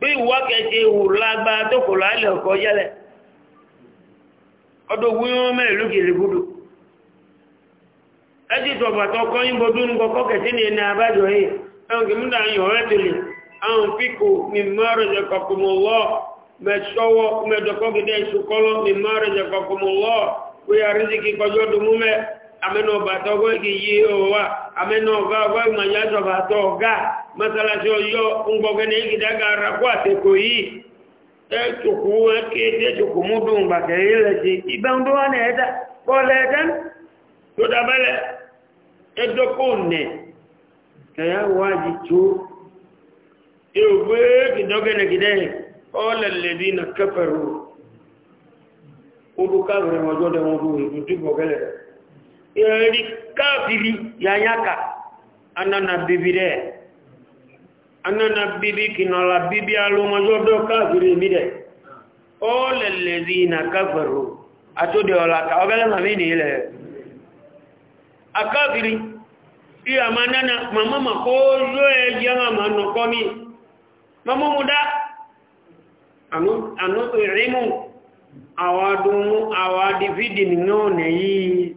bí ìwà kẹ̀kẹ́ ìwò lágbá tó kò láìlẹ̀ ọ̀kọ́ yẹ́lẹ̀ ọdún wíwọ́n mẹ́rin lókèlè gbúdù ẹjí tọ̀bàtọ̀ kọ́ yínbọ̀ dúnú kọ́kọ́ kẹ̀sí ní ẹni àbájọ yìí ẹ̀hùn kì múdà yìí ọ̀rẹ́ tòlè àwọn píkò kọkùnmọ̀lọ́ ìṣùkọ́lọ́ kọkùnmọ̀lọ́ àmẹ́nà ọba àtọ́gọ́ ìgbè yí ọwọ́ wá àmẹ́nà ọba ọba ìmọ̀ ìyájọba àtọ́ọ̀gá mọ́sálásí ọyọ́ ńgbọ́gẹ́ni ìgbìdága arákú àtẹ́kọ̀ yìí ẹ̀tùkú ẹ̀kẹ́ ẹ̀tùkú múdùn gbàgẹ̀ẹ́lẹ̀ eri kafiri yanyaka anana bibi de anana bibi kinola bibi alumojodo kafiri mi de ole lezina kafaru atode olaka ogele mami ni ile akafiri iya manana mama makozo ejama mano komi mama muda anu anu irimu awadunu awadi fidi ni none yii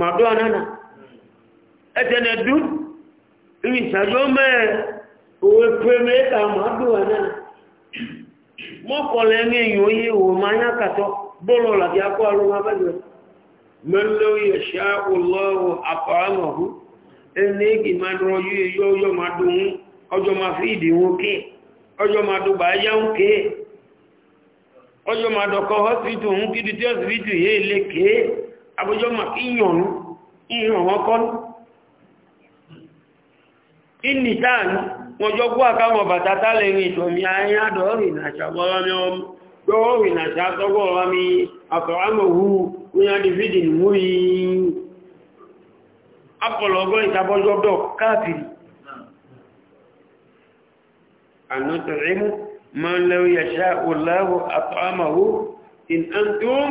màdó ànánà ẹ̀tẹ̀nẹ̀ dún ní ìṣàjọ́ mẹ́ẹ̀ òwe pé mẹ́ta màdó ànánà mọ́kànlẹ̀ ní èyàn yé wò máa yá kàtọ́ bọ́lọ̀ làbí akọ́ alóhun abẹ́jọ́ mẹ́lẹ́ yẹ̀ṣá olóòwò àfàrámọ̀hú ẹni èkì máa dúró yí eyó ọjọ́ máa dùn ọjọ́ ma fi ìdí wọn ké ọjọ́ hospital di hospital ke. àbójọ́ mà kí yànú ìhàn wọn kọ́ ní ìní táàní wọn jọ kú àkáwọn bàtà tálẹ̀ ní ìtọ̀mí ayádọ̀ rìn àṣàgbọ́rọ̀ mi ọmọ gbọ́rọ̀ rìn àṣàgbọ́rọ̀ mi àkọ̀rámọ̀wú oníyàndì fídìn mú yìí apọ̀lọ̀gọ́ ìtàbọ́jọ́dọ̀ káàkiri ànátọ̀rímú ma ń lẹ́wọ́ yàṣà in antum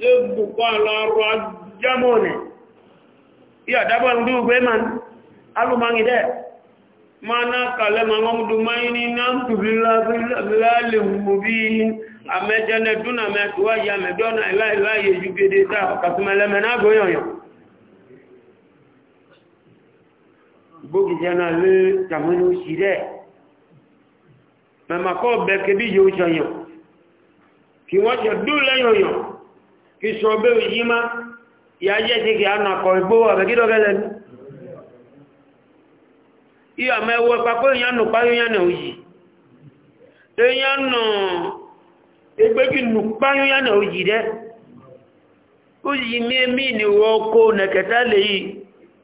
يبقى الرجمون يا دابا ندو بمن قالوا ما نده mana kale mangomudu maini namtu bilali mubin amejane tuna metuwa ya medona ila ila yejugede ta kasumeleme nago yoyo bogi jana sire mama ko beke bi yo yoyo ki kìsọ̀ ọbẹ̀ òyí má ìyá jẹ́ sí kì á nà kọ̀ ìgbó ní ìyá mẹ́wọ́ papọ̀ ìyánù òyì nù páyúyánà òyì dẹ́ mímí ni kó lè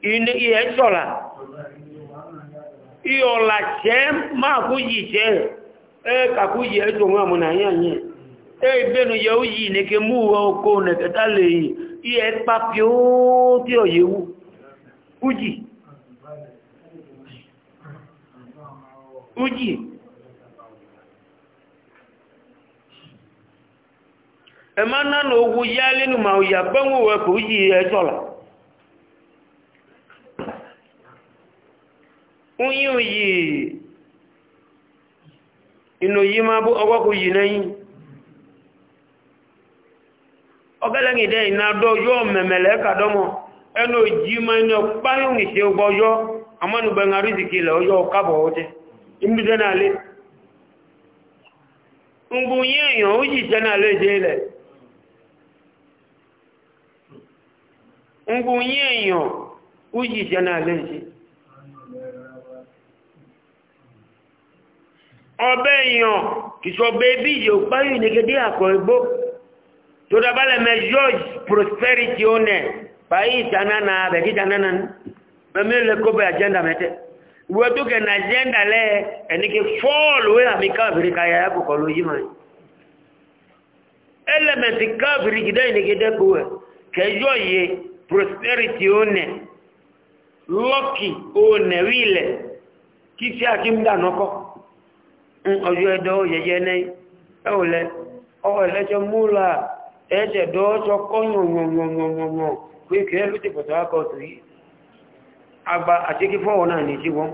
yìí ẹ̀ṣọ́là ìyọ̀là yìí e yau yi ne ke muwa oko ne ke tale yi iye papio ti oyewu uji uji ema na ya lenu ma oya gbanwo we ko uji e yi ma ọgẹ́lẹ́gì dẹ́ ìnàdọ́ yọ́ mẹ̀mẹ̀lẹ́ kàdọ́mọ̀ ẹnu òjì ma ọpáyùn ìṣẹ́ yọ amọ́nùgbẹ̀n àríṣìkì ilẹ̀ ọjọ́ kábọ̀ ọjẹ́ ọbẹ̀ èèyàn kìsọ̀ bẹ́ẹ̀bí ìyẹ̀ àkọ̀ ẹgbó tudabale me George prosperity one pai janana beki janana memele ko be agenda mete wetu ke na agenda le enike fall we amika Afrika ya ko ko lojima element kafiri gidai ne gidai ko ke joye prosperity one lucky one wile kisi akimda noko mm, ojo edo yeye nei ole ole je la. ẹ̀ẹ́dẹ̀ dọ́ọ́sọ kọ́nyọ̀nyọ̀nyọ̀nyọ̀nyọ̀ pé kìí ló ti pọ̀tọ̀ akọ̀tù yìí agba àtíkí fọ́wọ́ náà ní wọ́n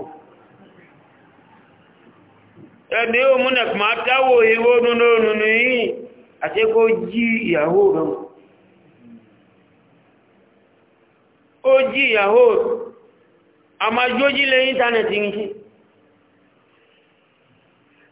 ẹni ó dáwò ìwó nínú jí ìyàwó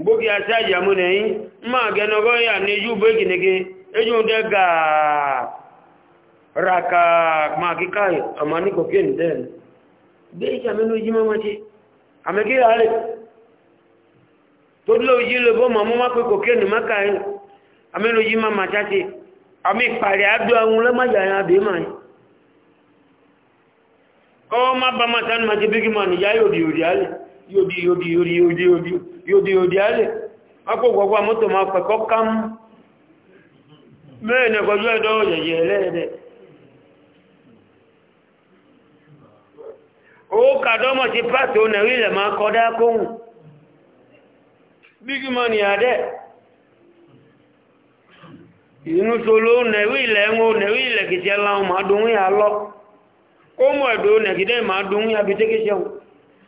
gbógi àti àjàmú nẹ̀yìn ma gẹnugọ́ yà ní yú bó ìgìnigí ejú dẹ́ gàá ràkà máa kíkà ọmọ ní kòkè ní dẹ́n bí i jàmínú yí mọ́mọ́ tí àmẹ́kí rálẹ̀ tó dúró yí lè bó mọ́mọ́ má pé kòkè ní mọ́kà yìí àmínú yí má ti bí kí nìyá yóòdí yóòdí yóòdí yóòdí yóòdí yóòdí yóòdí alẹ́ gbogbo mọ́tò ma pẹ̀kọ́ kám mẹ́rin ẹ̀kọ́jú ẹ̀dọ́ yẹ̀yẹ̀ ẹlẹ́ẹ̀dẹ́ owó kàdọ́mọ̀ ti pàtó nẹ̀rí ilẹ̀ máa kọ́dá kóhùn bígí mọ́ ni inú solo nẹ̀rí ilẹ̀ ń wo ilẹ̀ kìtì ẹ̀láhùn máa dùn ún lọ kó mọ̀ ẹ̀dọ́ máa dùn ún yà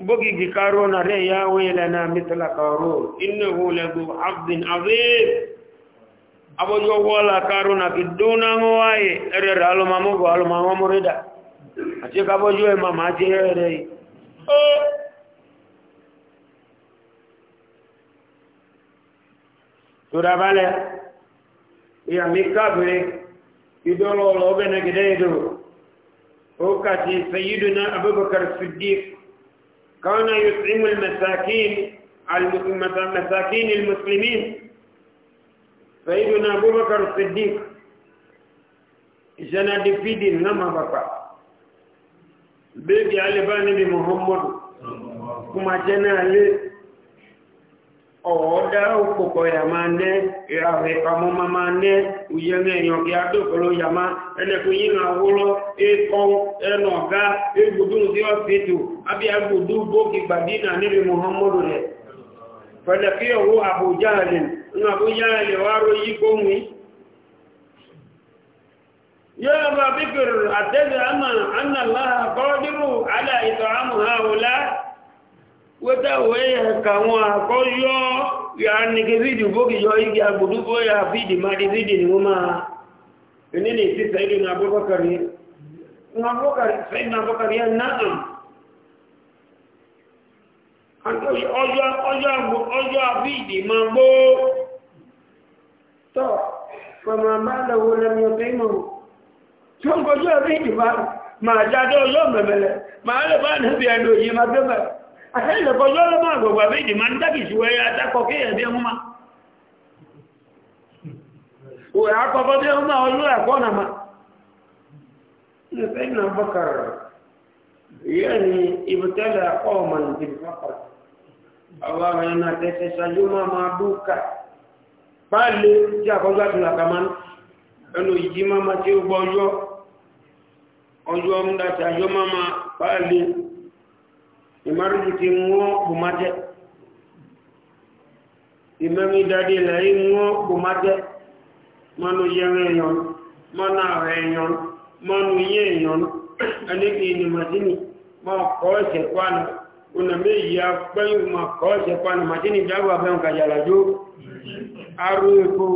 بقي قارون ري يا ويلنا مثل قارون إنه لذو عبد عظيم أبو جوالا قارون في الدون مواي إرر ألو مامو وألو مامو مريدا أتيك أبو جوه ماما أتيه tura balẹ̀ ìyàmí kábìrì ìdọ́lọ́ọ̀lọ́ ọbẹ̀ nàgídẹ́ ìdò ó kàtí sayiduna abubakar siddiq كان يطعم المساكين المساكين المسلمين سيدنا أبو بكر الصديق جنا دي في دي نما بابا بيبي على بني محمد كما جنا عليه ọ̀ọ́dá òpòpọ̀ ìyàmá ní ìràwẹ̀ ìpamọ́ máma ní òyẹ́rẹ́ èèyàn kí á dòkòrò ìyàmá ẹnẹ̀kù yíra wúrọ́ ẹkọ́ ẹnà ọ̀gá egbòdú ní ọ̀fẹ́tò àbí bókì gbàdínà níbi muhammadu rẹ̀ pẹ̀lẹ̀kí weta wee ya ka nwa akọ ya nike vidi ubogi yọ igi agbudubo ya vidi madi vidi ni muma nini si saidi na abubakari na abubakari saidi na abubakari ya naam àtọ́sí ọjọ́ àbídì ma gbó tọ́ pẹ̀mọ̀ àbádàwò lẹ́mí ọ̀tẹ́ ìmọ̀ tó ń ma àbídì máa jádọ́ ọjọ́ mẹ̀mẹ̀lẹ̀ máa lè bá nẹ́bí ẹ̀dọ̀ ma máa àṣẹ ìlẹ̀kọ́ yọ́rọ̀ máa gbogbo àbẹ́jì máa ń dákì sí wẹ́yẹ adákọ̀ kí ẹ̀bí ẹmú ma òwe akọ́kọ́ bí ẹmú ma ọlọ́ ẹ̀kọ́ nà ma ní fẹ́ ìnà bọ́kàrà yẹ́ ni ibùtẹ́lẹ̀ ọmọ nìdìbò fọ́kàrà àwọn àwọn ẹ̀nà tẹ́sẹ̀ ṣájú máa máa dúkà páàlé tí àkọ́jú àti làkàmá ẹnu ìjí máa ma tí ó gbọ́ ọjọ́ ọjọ́ ń dàtí àjọ ìmárùjìkì wọn bùmájẹ́ ìmẹ́mí dáadé láyé wọn bùmájẹ́ mọ́nú yẹrẹ èèyàn mọ́nú ààrẹ èèyàn mọ́nú yẹ èèyàn ẹnìkì ìnìmọ̀dínì máa kọ́ ẹ̀sẹ̀ kwánà ọ̀nà méjì apẹ́yìn máa kọ́ ẹ̀sẹ̀ kwánà màdínì dábò abẹ́hùn kàjàlájó arú epo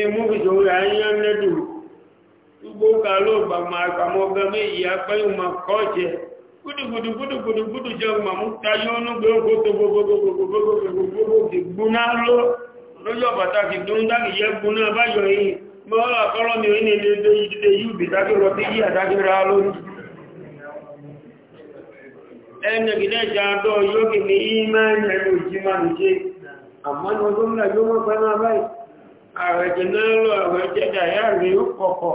ìmúbìtò rẹ̀ ayé gbogbo alo gbàmà gbàmà ọgbẹ méjì akpẹ́yìn ma kọ́ jẹ gudugudu gudugudu gudu jẹ ma mú tayọ nígbè ńkó tó gbogbogbogbogbogbogbogbò kì gbóná ló lójó pàtàkì dúndà kì yẹ gbóná báyọ̀ yìí mọ́lá kọ́lọ́ mi ò ní ilé ilé ìdílé yìí bì dákì rọ sí yí àdákì rà lónìí ẹnì gidẹ jẹ adọ yóò kì ní ìmẹ́rin ẹni òjì máa ń ṣe àmọ́ ní ọdún mẹ́rin yóò mọ́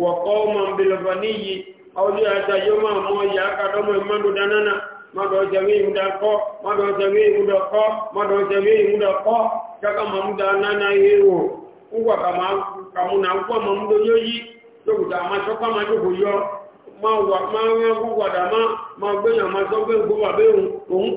وقوما بالغني أو جاءت يوما مويا كدوم من داننا ما دو جميع مدقا ما دو جميع مدقا ما دو جميع مدقا كما مداننا يو uwa kama kama na uwa mamdo yoyi to kutama choka majuku yo ma wa ma wa kuwa dama ma gbe ya ma so gbe kuwa be un un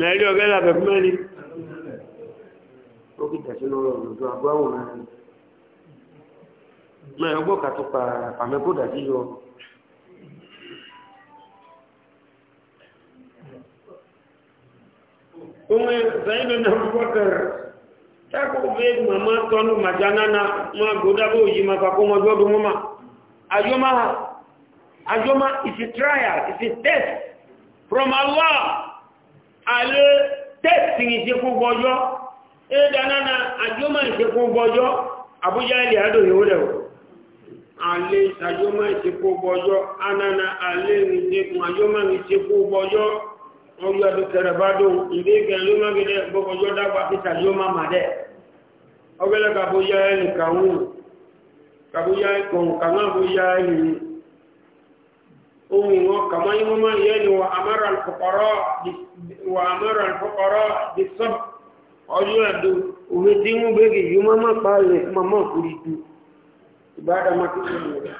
lẹ́rí ọ̀gẹ́ làbẹ̀ fún mẹ́rin ó kí tẹ̀sí lọ́rọ̀ lọ́dọ̀ àbúrò àwọn mẹ́rin mẹ́rin ọgbọ́n kà tó pa pàmẹ́kó dàbí yọ. òun sẹ́yìn ló náà gbọ́ kẹrẹ̀ tákò fẹ́ màmá tọ́nu màjánánà máa gbódábò yìí máa fàkó mọ́ ọjọ́dún mọ́mà àjọ́má àjọ́má is a trial is a test from Allah ale tẹ́sì ìṣekú gbọ́jọ́ ẹ̀dánánà àjọmọ̀ ìṣekú gbọ́jọ́ àbújá ilẹ̀ àdó ìwò rẹ̀ ale àjọmọ̀ ìṣekú gbọ́jọ́ anana ale ìṣekú àjọmọ̀ ìṣekú gbọ́jọ́ ọjọ́ àdókẹrẹ bá dùn ìdí ìkẹrẹlómọ́gẹ́dẹ́ gbọ́jọ́ dágbà pítà yóò má mà dẹ́ ọgbẹ́lẹ́ kàbójá ẹnì kàwùn kàbójá ẹkùn kàmáàbójá ẹnì ohun ìwọ̀n kàmáyé mọ́mọ́ ìyẹ́ni wọ amẹ́rà kọ̀kọ̀rọ̀ وأمر الفقراء بالصبر ọjọ́ ẹ̀dọ́ òwe tí mú bẹ́gì yíó mọ́mọ́ pàálẹ̀ mọ́mọ́ kúrìtù ìbára makíkọ̀ọ́ rẹ̀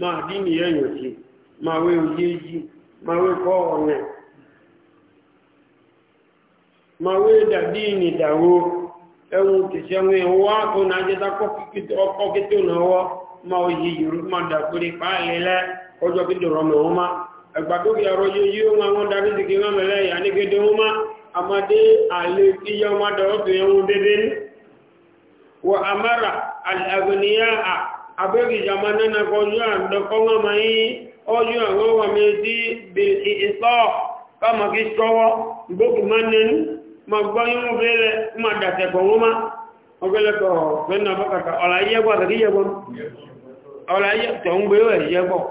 máa dí ní ẹ̀yọ̀ sí máa wé òye jí máa wé kọ́ ọ̀rẹ́ máa ewu dàbí ìnìdàwó ẹ̀wọ̀n kìsẹ́wé wá náà yìí dàgbére ẹgbàdókè ọrọ̀ yóò yí ohun àwọn darí ìdíkì wọn mẹ́lẹ̀ yà ní kéde a má amadé àlè iye ọmọ dọ̀wọ́ tó yẹ wọn dédé ní àbẹ́kì kọjú àdọ́kọ́ wọn máa yí ọjọ́ àwọn sí bèèrè ìsọ́ kí sọ́wọ́ gbókù máa ma gbọ́ yín wọn ma má ọgbẹ́lẹ́kọ̀ fẹ́nà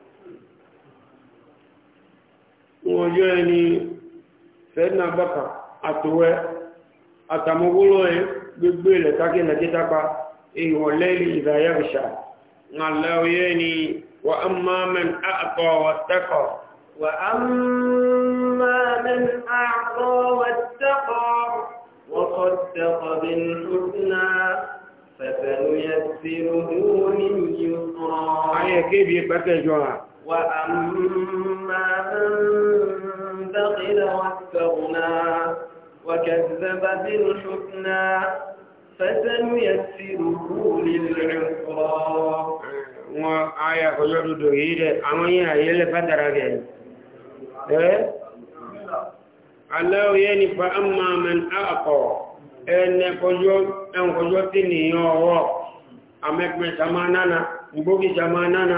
ọjọ́ ẹni fẹ́ẹ̀nà bàkà àtòwẹ́ àtàmọ́gbóló ẹ gbégbé ilẹ̀ tákì nàìjíríàpá ìwọ̀lẹ́ ìdáyàrìṣà ńláwẹ́ ni wà á máa mẹ́n àkọ́ wàtẹ́kọ̀ wà á máa mẹ́n àkọ́ wàtẹ́kọ̀ وصدق بالحسنى وأما من بخل واستغنى وكذب بالحسنى فسنيسره للعسرى wọn ayà olódodo yìí rẹ̀ àwọn yìí àyè lè rẹ̀ ẹ́ aláwọ̀ yẹ́ ni fa ọmọ tí nìyàn ọwọ́ amẹ́gbẹ̀ samanana gbógi samanana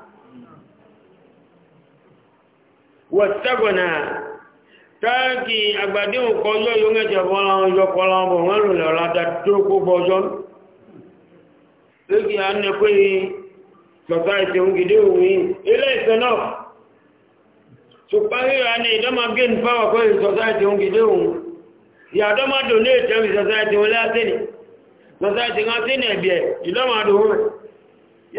wọ̀tẹ́gbọ̀nà táàkì àgbàdé òkọ́ yọ́ yóò mẹ́jẹ̀ bọ́lá ọjọ́ kọlá ọmọ wọn lòlẹ̀ ọ̀làdà tó kó bọ́jọ́ lókè anẹ́kọ́ yìí sọ̀tà ìṣẹ̀hún gidi òwúyìn ilé ìṣẹ́ náà ṣùgbọ́n ríra ìdọ́mà gain power kọ́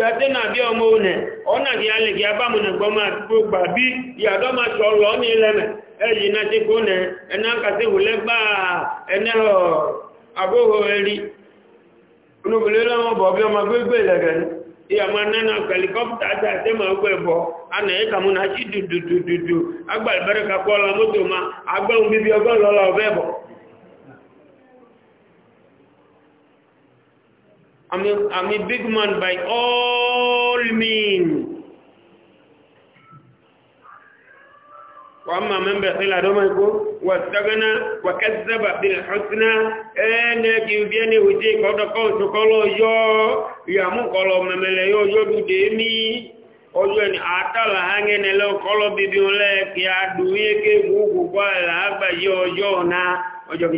yàtẹ́ nà bí ọmọ ònẹ̀ ọ̀nà kí a lè kí abámúnẹ̀ gbọmọ àtúgbò gbà bí ìyàgọ́ ma ṣọ ọ̀rọ̀ ọmọ ilẹ̀mẹ̀ ẹ̀yìn náà ti kó nẹ̀ ẹ̀nà kàtí wùlẹ̀ gbà ẹ̀nẹ́ àgbóhò ẹ̀rí olùbìlẹ̀ lọ́wọ́ bọ̀ bí ọmọ gbégbé lẹ̀rẹ̀ ní ìyàmọ́ nánà kẹlikọ́pítà ma I'm a, I'm a big man by all means. وأما من بخيل أدومكم واستغنى وكذب بالحسنى أنا كيبيني وجي كودا كوسو كولو يو يامو كولو مملي يو يو دوديمي ọjọ́ ni àtàlà hangẹ́nẹ̀ lọ kọ́lọ̀ bíbí ọlẹ́ kí a dùn yé ké gbogbo àlàágbà yí ọjọ́ náà ọjọ́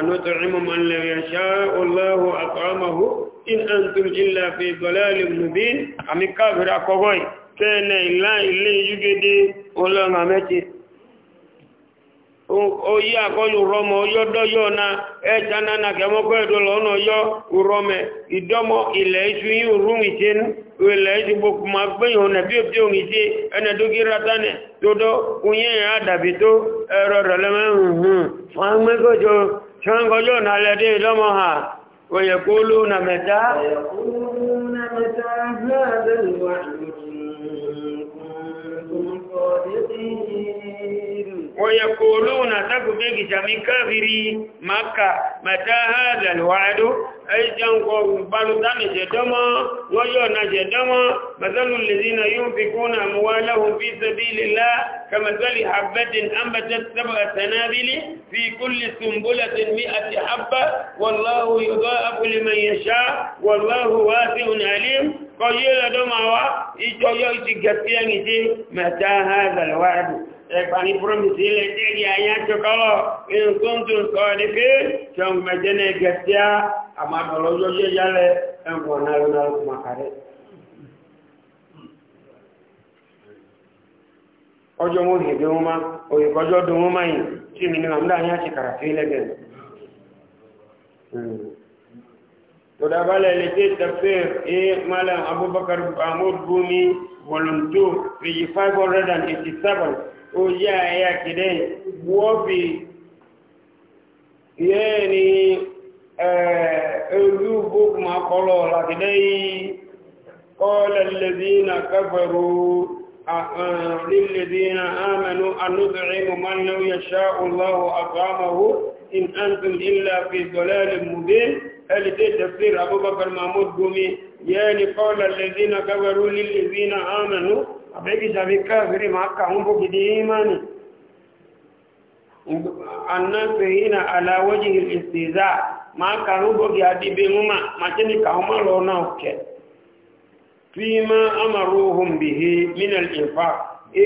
أنطعم من لم يشاء الله أطعمه إن أنتم إلا في ضلال مبين أمي كافر أكوغوي كان إلا إلا يجدي ولا غمتي oyi akọlu rọmọ na ẹja ọyọ rọmẹ ilẹ̀ iṣu ilẹ̀ iṣu gbogbo ma òbí tó dọ́ àdàbí tó rẹ̀ ṣọ́ngọjọ́ na lẹ́dẹ́ ìdọ́mọ̀ ha wẹ̀yẹ̀kú lónà mẹ́ta ويقولون تكبك جميع كافري مكة متى هذا الوعد أي تنقوا بلطان جدما ويونا جدما مثل الذين ينفقون أموالهم في سبيل الله كمثل حبة أنبتت سبع سنابل في كل سنبلة مئة حبة والله يضاءف لمن يشاء والله واسع عليم قيل دمعوا إيجو يوتي كثيرا متى هذا الوعد ẹ̀kpani promise ilẹ̀ tẹ́lẹ̀ àyà tókọ́lọ̀ inú kóńtò sọ ní pé tíọ́n mẹ́jẹ́ ní gẹ̀ẹ́síá àmàdọ̀lọ́ yọjọ́ yálẹ̀ ẹ̀kọ́ náà lọ́nà lọ́kùnmá kárẹ́. ọjọ́ mo hì bí wọ́n má òyì kọjọ́ dùn wọ́n má yìí tí mi ní wà múlá àyà ti kàrà sí lẹ́gẹ̀ẹ́ page 587 ojú àyà kìdẹ́ wọ́bì yẹ́ ni ẹ̀ẹ́lú bókùnmá kọlọ̀ làkìdẹ́ yìí kọ́lẹ̀ lèzínà kẹfẹ̀rú للذين آمنوا أن نطعم من لو يشاء الله أطعمه إن أنتم إلا في ضلال مبين هل تفسير أبو بكر محمود قومي يعني قال الذين كفروا للذين آمنوا abegi jabi kafiri ma ka humbo kidi imani annasu hina ala wajihi al-istiza ma ka humbo gi adibe muma ma tini ka huma lo na oke fima amaruhum bihi min al-infaq e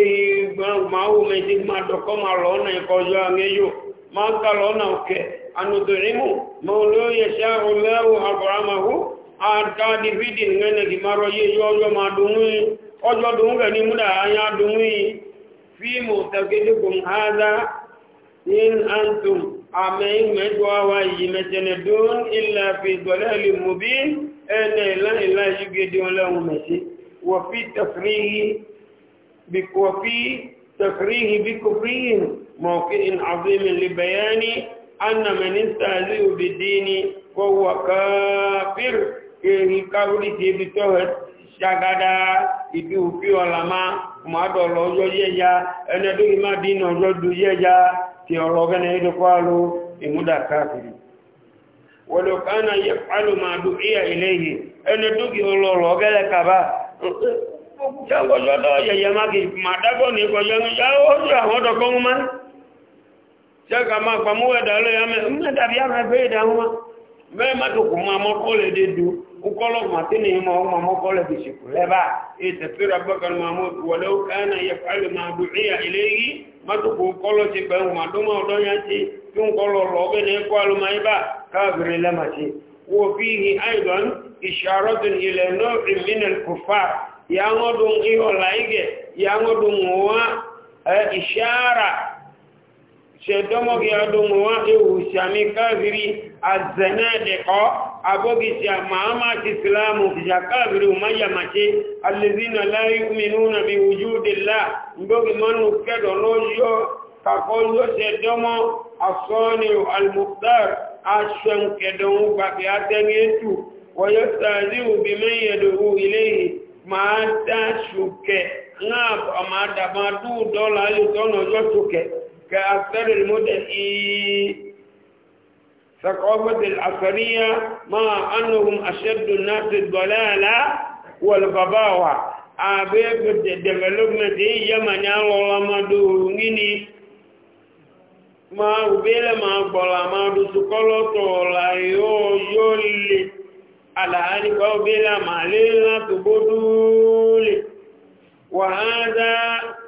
ma o me dig ma do ko ma lo na ko jo angeyo ma ka lo na oke anudimu mawlo yasha'u Allahu akramahu adadi vidin ngene gimaro ye yo yo ọjọ́ dùn rẹ̀ ní múdà ayá dùn yìí fíìmù tàgídùgùn hádá ní àǹtùm àmẹ́yìn mẹ́jọ àwà yìí mẹ́tẹ̀lẹ̀ dùn ilẹ̀ fi ìgbọ̀lẹ́ lè mú bí ẹ̀ẹ́dẹ̀ ìlànà ìgbèdè ọlọ́run mẹ́sí wọ̀fí tẹ̀fìríhì bí kò fíhìn mọ̀kí in àfihàn lè bẹ̀yẹ́ni anna mẹ́nísà lè òbìdí sagada ibi òfin ọ̀làmá mọ́dọ̀ lọ́jọ́ yẹ́yà ẹni tó ìmá dínà ọjọ́ dù yẹ́yà tí ọ̀rọ̀ gẹ́nà ìdókọ́ aló ìmúdà káàkiri wọ̀lọ̀kánà yẹ alùmàdù ìyà iléyìí ẹni tó kí ọlọ́rọ̀ gẹ́lẹ̀ kàbá mẹ́màtòkù mọ́ amọ́kọ́ lè dé dùn ukolo matini ma uma mokole bisiku leba itafira baka na mamu walau kana yafalu ma du'iya ilayhi matuku ukolo ti ba uma duma odonya ti unkolo lobe ne ko aluma iba kafir lama ti wa fihi aidan isharatun ila naw'in min al-kuffar yangodun iyo laige yangodun wa ishara shedomogi adomowa eushami kafiri azanadeko abogisha maama kiislamu kisha kafiri umaya mache allazina la yuminuna biwujudi llah mbogi manu kedo loyo kakoyo shedomo asoniu almuqdar ashwem kedou babi atengetu wayastaziu biman yaduhu ilayhi maata shuke ngabo amaadama du dola alitona ojo shuke كأثر المدعي ثقافة الأثرية مع أنهم أشد الناس الضلالة والغباوة أبيب الديفلوبمنت يمن الله ما دوني ما بلا ما بلا ما دوسكولو يو يولي على أنك بلا ما لنا تبدولي وهذا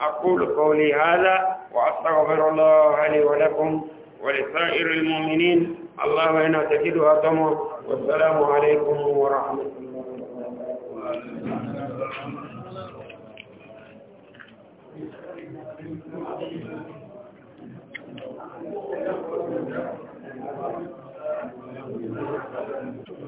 أقول قولي هذا وأستغفر الله لي ولكم ولسائر المؤمنين اللهم إنا تجدها تمر والسلام عليكم ورحمة الله وبركاته